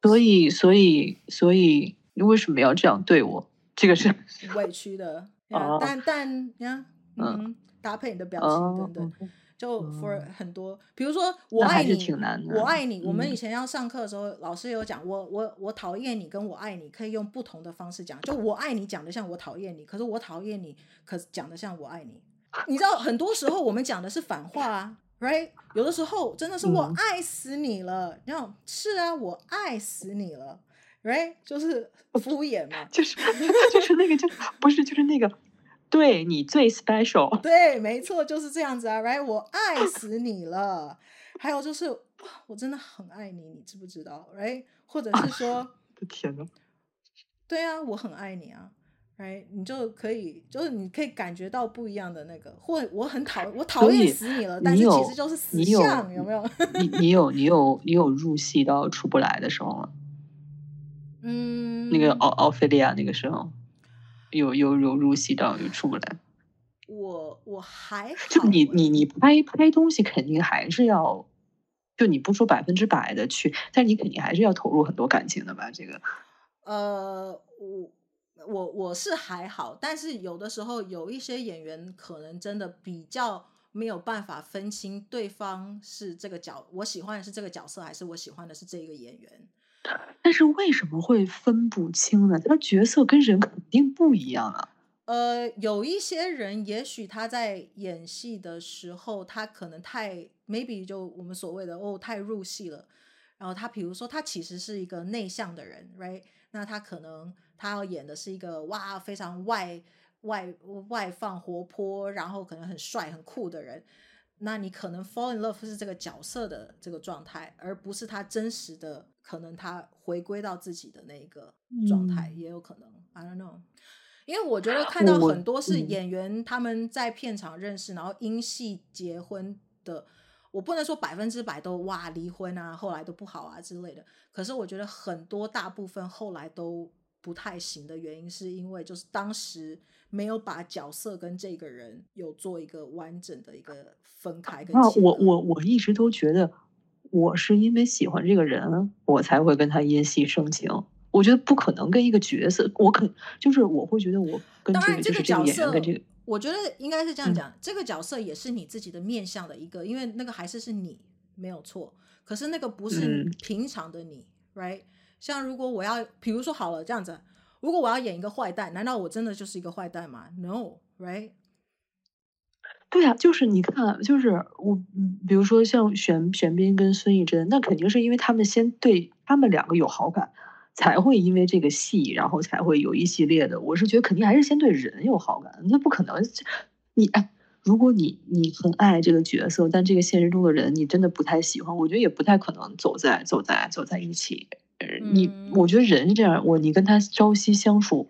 所以，所以，所以你為什麼要這樣對我？這個是委屈的，嗯嗯、但但你看、嗯，嗯，搭配你的表情，等、嗯、等。對就 for 很多，嗯，比如說我愛你，我愛你。我們以前要上課的時候，嗯、老師有講，我我我討厭你，跟我愛你可以用不同的方式講。就我愛你講得像我討厭你，可是我討厭你可講得像我愛你。你知道，很多時候我們講的是反話啊 [LAUGHS] ，right？有的時候真的是我愛死你了，嗯、你知道，是啊，我愛死你了，right？就是敷衍嘛， [LAUGHS] 就是就是那個就是、不是就是那個。對你最 special，對，沒錯，就是這樣子啊，right，我愛死你了。 [LAUGHS] 還有就是，我真的很愛你，你知不知道？right 或者是說，我、啊、的天吶，對啊，我很愛你啊，right 你就可以，就是你可以感覺到不一樣的那個，或我很討，我討厭死你了你，但是其實就是死相，有，有沒有？ [LAUGHS] 你你有你有你有入戲到出不來的時候嗎？嗯，那個奧奧菲利亞那個時候。有有有入戲到又出不來，我我還好。就你你你拍拍東西肯定還是要，就你不說百分之百的去，但你肯定還是要投入很多感情的吧？這個，呃，我我我是還好，但是有的時候有一些演員可能真的比較沒有辦法分清對方是這個角，我喜歡的是這個角色，還是我喜歡的是這一個演員。但是為什麼會分不清呢？他角色跟人肯定不一樣啊。呃，有一些人，也許他在演戲的時候，他可能太 maybe 就我們所謂的哦太入戲了。然後他比如說他其實是一個內向的人，right？那他可能他要演的是一個哇非常外外外放活潑，然後可能很帥很酷的人。那你可能 fall in love 是這個角色的這個狀態，而不是他真實的可能他回歸到自己的那一個狀態，嗯，也有可能 I don't know，因為我覺得看到很多是演員他們在片場認識，啊、然後因戲結婚的，嗯，我不能說百分之百都哇離婚啊，後來都不好啊之類的，可是我覺得很多大部分後來都。不太行的原因，是因為就是當時沒有把角色跟這個人有做一個完整的一個分開。那、啊、我我我一直都覺得，我是因為喜歡這個人，我才會跟他因戲生情。我覺得不可能跟一個角色，我可，就是我會覺得我跟當然這個角色、就是這樣。跟這個、我覺得應該是這樣講、嗯。這個角色也是你自己的面向的一個，因為那個還是是你沒有錯，可是那個不是平常的你、嗯，right。像如果我要，比如說好了這樣子，如果我要演一個壞蛋，難道我真的就是一個壞蛋嗎？No，right？對啊，就是你看，就是我，嗯，比如說像玄玄彬跟孫藝珍，那肯定是因為他們先對他們兩個有好感，才會因為這個戲，然後才會有一系列的。我是覺得肯定還是先對人有好感，那不可能。你哎，如果你你很愛這個角色，但這個現實中的人你真的不太喜歡，我覺得也不太可能走在走在走在一起。你、嗯、我覺得人這樣，我你跟他朝夕相處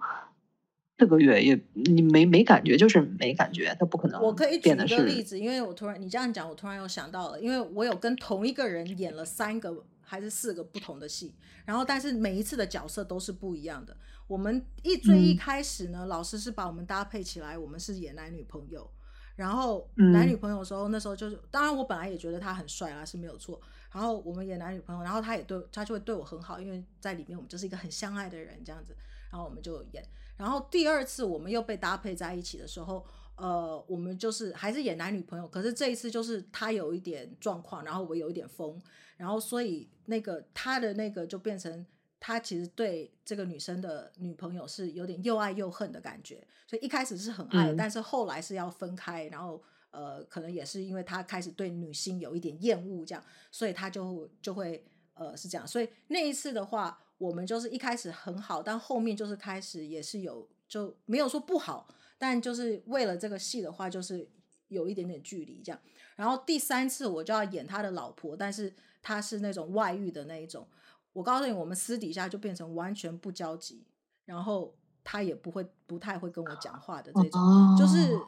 四、這個月也你沒沒感覺，就是沒感覺，他不可能。我可以舉一個例子，因為我突然你這樣講，我突然又想到了，因為我有跟同一個人演了三個還是四個不同的戲，然後但是每一次的角色都是不一樣的。我們一、嗯、最一開始呢，老師是把我們搭配起來，我們是演男女朋友，然後男女朋友的時候，嗯、那時候就是當然我本來也覺得他很帥啊，是沒有錯。然後我們演男女朋友，然後他也對他就會對我很好，因為在裡面我們就是一個很相愛的人這樣子。然後我們就演，然後第二次我們又被搭配在一起的時候，呃，我們就是還是演男女朋友，可是這一次就是他有一點狀況，然後我有一點瘋，然後所以那個他的那個就變成他其實對這個女生的女朋友是有點又愛又恨的感覺，所以一開始是很愛，嗯，但是後來是要分開，然後。呃，可能也是因為他開始對女性有一點厭惡，這樣，所以他就就會呃是這樣。所以那一次的話，我們就是一開始很好，但後面就是開始也是有就沒有說不好，但就是為了這個戲的話，就是有一點點距離這樣。然後第三次我就要演他的老婆，但是他是那種外遇的那一種。我告訴你，我們私底下就變成完全不交集，然後他也不會不太會跟我講話的這種，就是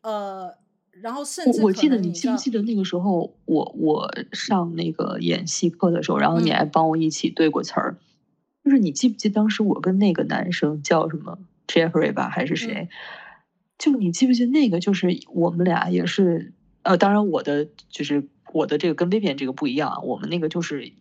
呃。然後甚至，我我記得，你記不記得那個時候我，我我上那個演戲課的時候，然後你還幫我一起對過詞兒，嗯。就是你記不記得當時我跟那個男生叫什麼 Jeffrey 吧，還是誰？嗯，就你記不記得那個？就是我們倆也是呃，當然我的就是我的這個跟 Vivian 這個不一樣，我們那個就是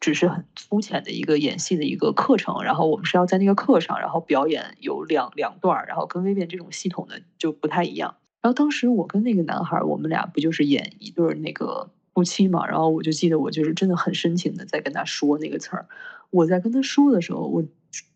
只是很粗淺的一個演戲的一個課程，然後我們是要在那個課上然後表演有兩兩段，然後跟 Vivian 這種系統的就不太一樣。然後當時我跟那個男孩，我們倆不就是演一對那個夫妻嘛？然後我就記得我就是真的很深情的在跟他說那個詞兒。我在跟他說的時候，我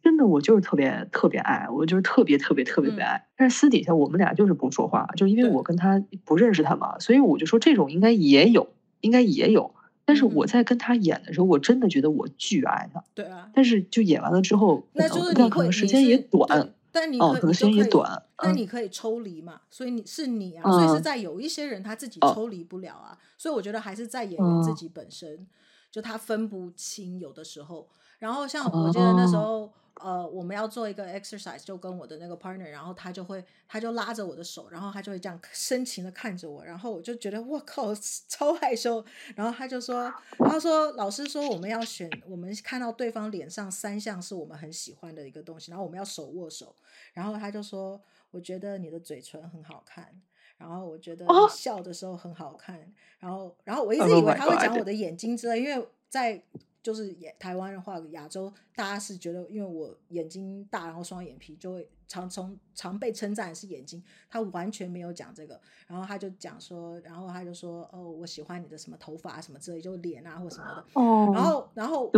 真的我就是特別特別愛，我就是特別特別特別特別愛。但是私底下我們倆就是不說話，嗯、就因為我跟他不認識他嘛，所以我就說這種應該也有，應該也有。但是我在跟他演的時候，我真的覺得我巨愛他。對啊。但是就演完了之後，那就可能時間也短。但你可以，哦，你就可以，這個嗯，但你可以抽離嘛，所以你是你啊，嗯，所以是在有一些人他自己抽離不了啊，嗯，所以我覺得還是在演員自己本身，哦，就他分不清有的時候，然後像我記得那時候。哦呃，我們要做一個 exercise，就跟我的那個 partner，然後他就會，他就拉着我的手，然後他就會這樣深情地看着我，然後我就覺得我靠，超害羞。然後他就說，他說老師說我們要選，我們看到對方臉上三項是我們很喜歡的一個東西，然後我們要手握手。然後他就說，我覺得你的嘴唇很好看，然後我覺得你笑的時候很好看，然後，然後我一直以為他會講我的眼睛之類，因為在。就是也台灣的話，亞洲大家是覺得，因為我眼睛大，然後雙眼皮，就會常從常被稱讚是眼睛。他完全沒有講這個，然後他就講說，然後他就說，哦，我喜歡你的什麼頭髮什麼之類，就臉啊或什麼的。哦、oh。然後，然後，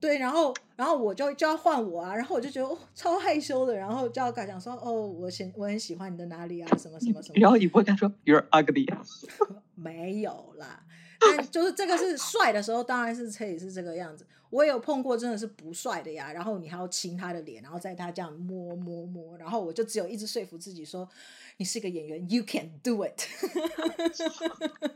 對，然後，然後我就就要換我啊，然後我就覺得、哦、超害羞的，然後就要講說，哦，我喜我很喜歡你的哪裡啊，什麼什麼什麼。然後你問他說，You're ugly。 [LAUGHS] 沒有啦。 [LAUGHS] 就是這個是帥的時候，當然是可以是這個樣子。我有碰過，真的是不帥的呀。然後你還要親他的臉，然後在他這樣摸摸摸，然後我就只有一直說服自己說，你是一個演員，You can do it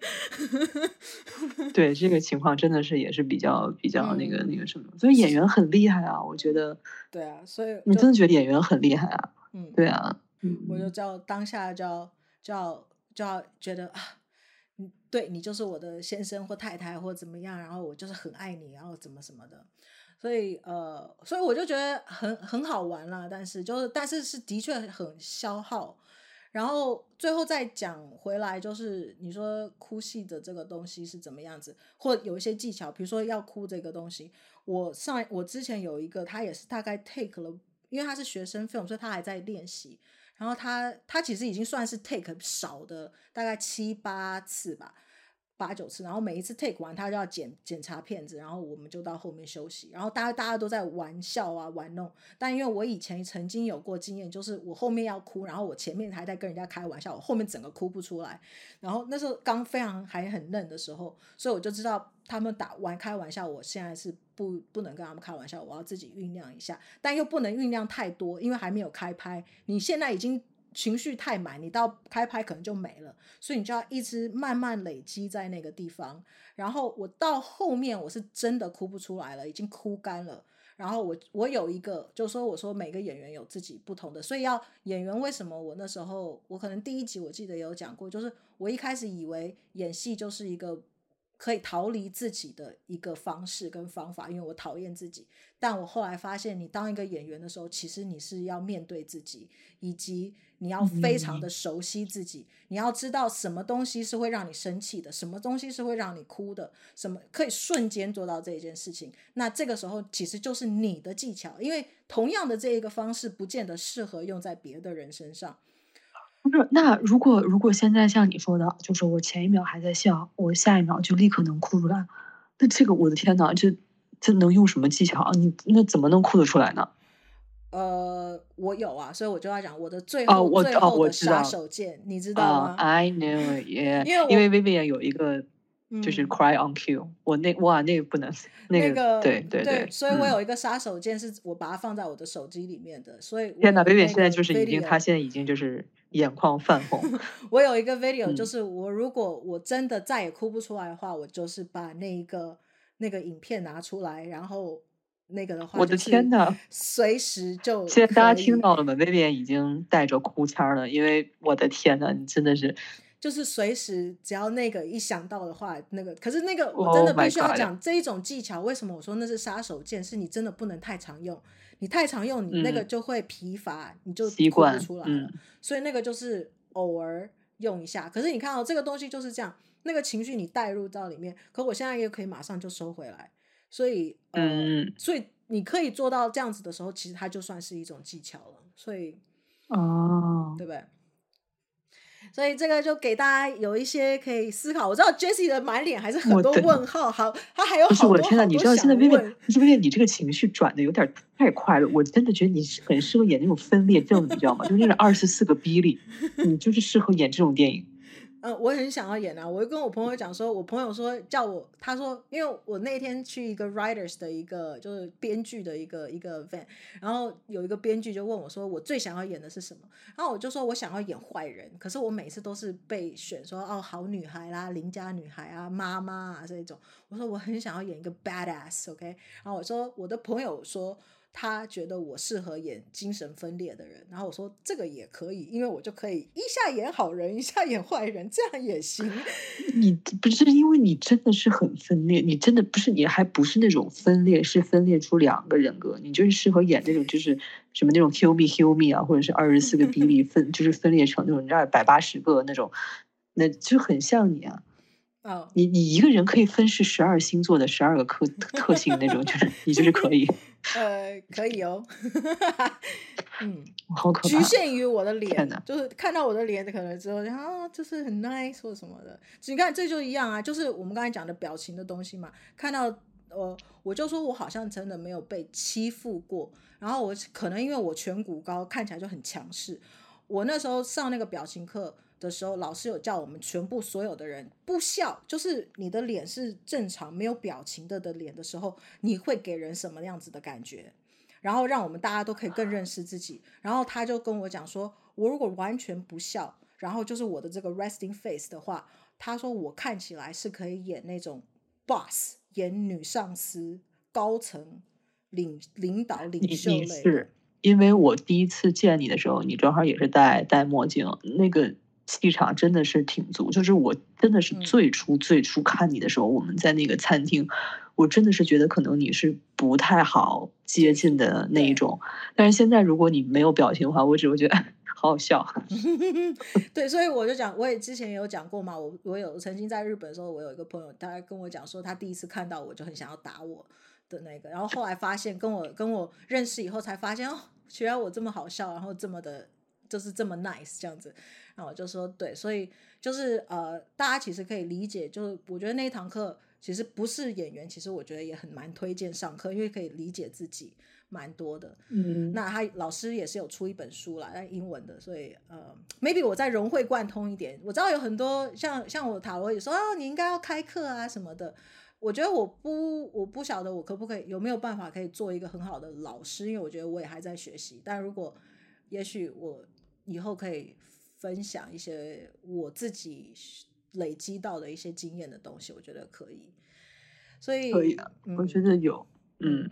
[LAUGHS] 對，這個情況真的是也是比較比較那個、嗯、那個什麼，所以演員很厲害啊，我覺得。對啊，所以你真的覺得演員很厲害啊？嗯，對啊。嗯、我就知道當下就要就要，就要覺得對你就是我的先生或太太或怎麼樣，然後我就是很愛你，然後怎麼什麼的，所以呃，所以我就覺得很很好玩啦。但是就是但是是的確很消耗。然後最後再講回來，就是你說哭戲的這個東西是怎麼樣子，或有一些技巧，比如說要哭這個東西，我上我之前有一個，他也是大概 take 了，因為他是學生，所以他還在練習。然後他他其實已經算是 take 少的，大概七八次吧，八九次。然後每一次 take 完，他就要檢檢查片子，然後我們就到後面休息。然後大家大家都在玩笑啊玩弄，但因為我以前曾經有過經驗，就是我後面要哭，然後我前面還在跟人家開玩笑，我後面整個哭不出來。然後那時候剛非常還很嫩的時候，所以我就知道，他們打玩開玩笑，我現在是不不能跟他們開玩笑，我要自己醞釀一下，但又不能醞釀太多，因為還沒有開拍。你現在已經情緒太滿，你到開拍可能就沒了，所以你就要一直慢慢累積在那個地方。然後我到後面我是真的哭不出來了，已經哭乾了。然後我我有一個，就說我說每個演員有自己不同的，所以要演員為什麼我那時候我可能第一集我記得有講過，就是我一開始以為演戲就是一個。可以逃離自己的一個方式跟方法，因為我討厭自己。但我後來發現，你當一個演員的時候，其實你是要面對自己，以及你要非常的熟悉自己。你要知道什麼東西是會讓你生氣的，什麼東西是會讓你哭的，什麼可以瞬間做到這一件事情。那這個時候，其實就是你的技巧，因為同樣的這一個方式，不見得適合用在別的人身上。那如果如果現在像你說的，就是我前一秒還在笑，我下一秒就立刻能哭出來，那這個我的天哪，這這能用什麼技巧？你那怎麼能哭得出來呢？呃，我有啊，所以我就要講我的最後、哦、最後的殺手鐧、哦哦，你知道嗎、uh,？I know yeah 因，因為 Vivian 有一個就是 cry on cue，、嗯、我那哇那個不能那個、那個、對對對，對，對，對，對、嗯，所以我有一個殺手鐧，是我把它放在我的手機裡面的。所以、那個、天哪，Vivian 現在就是已經，他、那個、現在已經就是。眼眶泛紅， [LAUGHS] 我有一個 video，就是我如果我真的再也哭不出來的話，嗯、我就是把那一個那個影片拿出來，然後那個的話，我的天哪，隨時就現在大家聽到了嗎？Vivian 已經帶着哭腔了，因為我的天哪，你真的是，就是隨時只要那個一想到的話，那個可是那個我真的必須要講、oh、這一種技巧，為什麼我說那是殺手鐧？是，你真的不能太常用。你太常用，你那個就會疲乏，嗯、你就哭不出來了、嗯。所以那個就是偶爾用一下。可是你看、哦、這個東西就是這樣，那個情緒你帶入到裡面，可我現在也可以馬上就收回來。所以、呃，嗯，所以你可以做到這樣子的時候，其實它就算是一種技巧了。所以，哦，對不對？所以這個就給大家有一些可以思考。我知道 Jessie 的滿臉還是很多問號，好，他還有好多想問。不是，我的天吶，你知道現在薇薇，薇薇，你這個情緒轉的有點太快了。我真的覺得你是很適合演那種分裂症， [LAUGHS] 你知道嗎？就，就是那種二十四個比利， [LAUGHS] 你就是適合演這種電影。嗯，我很想要演啊！我就跟我朋友講說，我朋友說叫我，他說，因為我那天去一個 writers 的一個就是編劇的一個一個 event，然後有一個編劇就問我說，我最想要演的是什麼？然後我就說我想要演壞人，可是我每次都是被選說哦，好女孩啦、鄰家女孩啊、媽媽啊這種。我說我很想要演一個 badass，OK？、Okay? 然後我說我的朋友說。他覺得我適合演精神分裂的人，然後我說這個也可以，因為我就可以一下演好人，一下演壞人，這樣也行。你不是因為你真的是很分裂，你真的不是你還不是那種分裂，是分裂出兩個人格，你就是適合演那種就是什麼那種 Kill me, Kill me 啊，或者是二十四個 b b 分 [LAUGHS] 就是分裂成那種二百八十個那種，那就很像你啊。哦、oh.，你你一個人可以分飾十二星座的十二個特特性那種，就 [LAUGHS] 是 [LAUGHS] 你就是可以。呃，可以哦， [LAUGHS] 嗯，好，局限於我的臉，啊、就是看到我的臉，可能之後後就、哦、是很 nice 或什麼的。你看，這就一樣啊，就是我們剛才講的表情的東西嘛。看到我、呃，我就說我好像真的沒有被欺負過。然後我可能因為我顴骨高，看起來就很強勢。我那時候上那個表情課。的時候，老師有叫我們全部所有的人不笑，就是你的臉是正常沒有表情的的臉的時候，你會給人什麼樣子的感覺？然後讓我們大家都可以更認識自己。然後他就跟我講說，我如果完全不笑，然後就是我的這個 resting face 的話，他說我看起來是可以演那種 boss，演女上司、高層領領導、領袖類。是因為我第一次見你的時候，你正好也是戴戴墨鏡那個。氣場真的是挺足，就是我真的是最初最初看你的時候，嗯，我們在那個餐廳，我真的是覺得可能你是不太好接近的那一種。但是現在如果你沒有表情的話，我只會覺得好好笑。 [LAUGHS] 對，所以我就講，我也之前也有講過嘛，我我有曾經在日本的時候，我有一個朋友，他跟我講說他第一次看到我就很想要打我的那個，然後後來發現跟我跟我認識以後才發現哦，原來我這麼好笑，然後這麼的。就是這麼 nice 這樣子，然後我就說對，所以就是呃，大家其實可以理解，就是我覺得那一堂課其實不是演員，其實我覺得也很蠻推薦上課，因為可以理解自己蠻多的。嗯，那他老師也是有出一本書啦，但英文的，所以呃，maybe 我再融會貫通一點。我知道有很多像像我塔羅也說啊、哦，你應該要開課啊什麼的。我覺得我不我不曉得我可不可以有沒有辦法可以做一個很好的老師，因為我覺得我也還在學習。但如果也許我。以後可以分享一些我自己累積到的一些經驗的東西，我覺得可以。所以，可以啊嗯，我覺得有，嗯。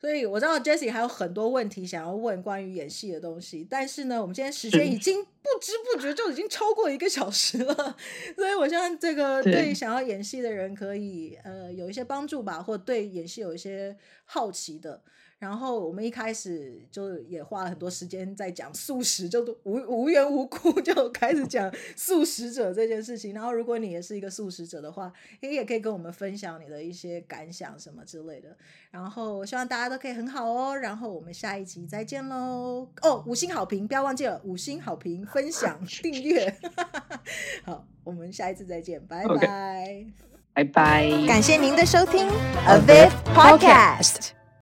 所以我知道 Jessie 還有很多問題想要問關於演戲的東西，但是呢，我們今天時間已經不知不覺就已經超過一個小時了， [LAUGHS] 所以我希望這個對想要演戲的人可以呃有一些幫助吧，或對演戲有一些好奇的。然後我們一開始就也花了很多時間在講素食，就無無緣無故 [LAUGHS] 就開始講素食者這件事情。然後如果你也是一個素食者的話，也也可以跟我們分享你的一些感想什麼之類的。然後希望大家都可以很好哦。然後我們下一集再見嘍！哦，五星好評不要忘記了，五星好評、分享、訂閱。 [LAUGHS] 好，我們下一次再見，拜拜，拜拜。感謝您的收聽，avivPodcast。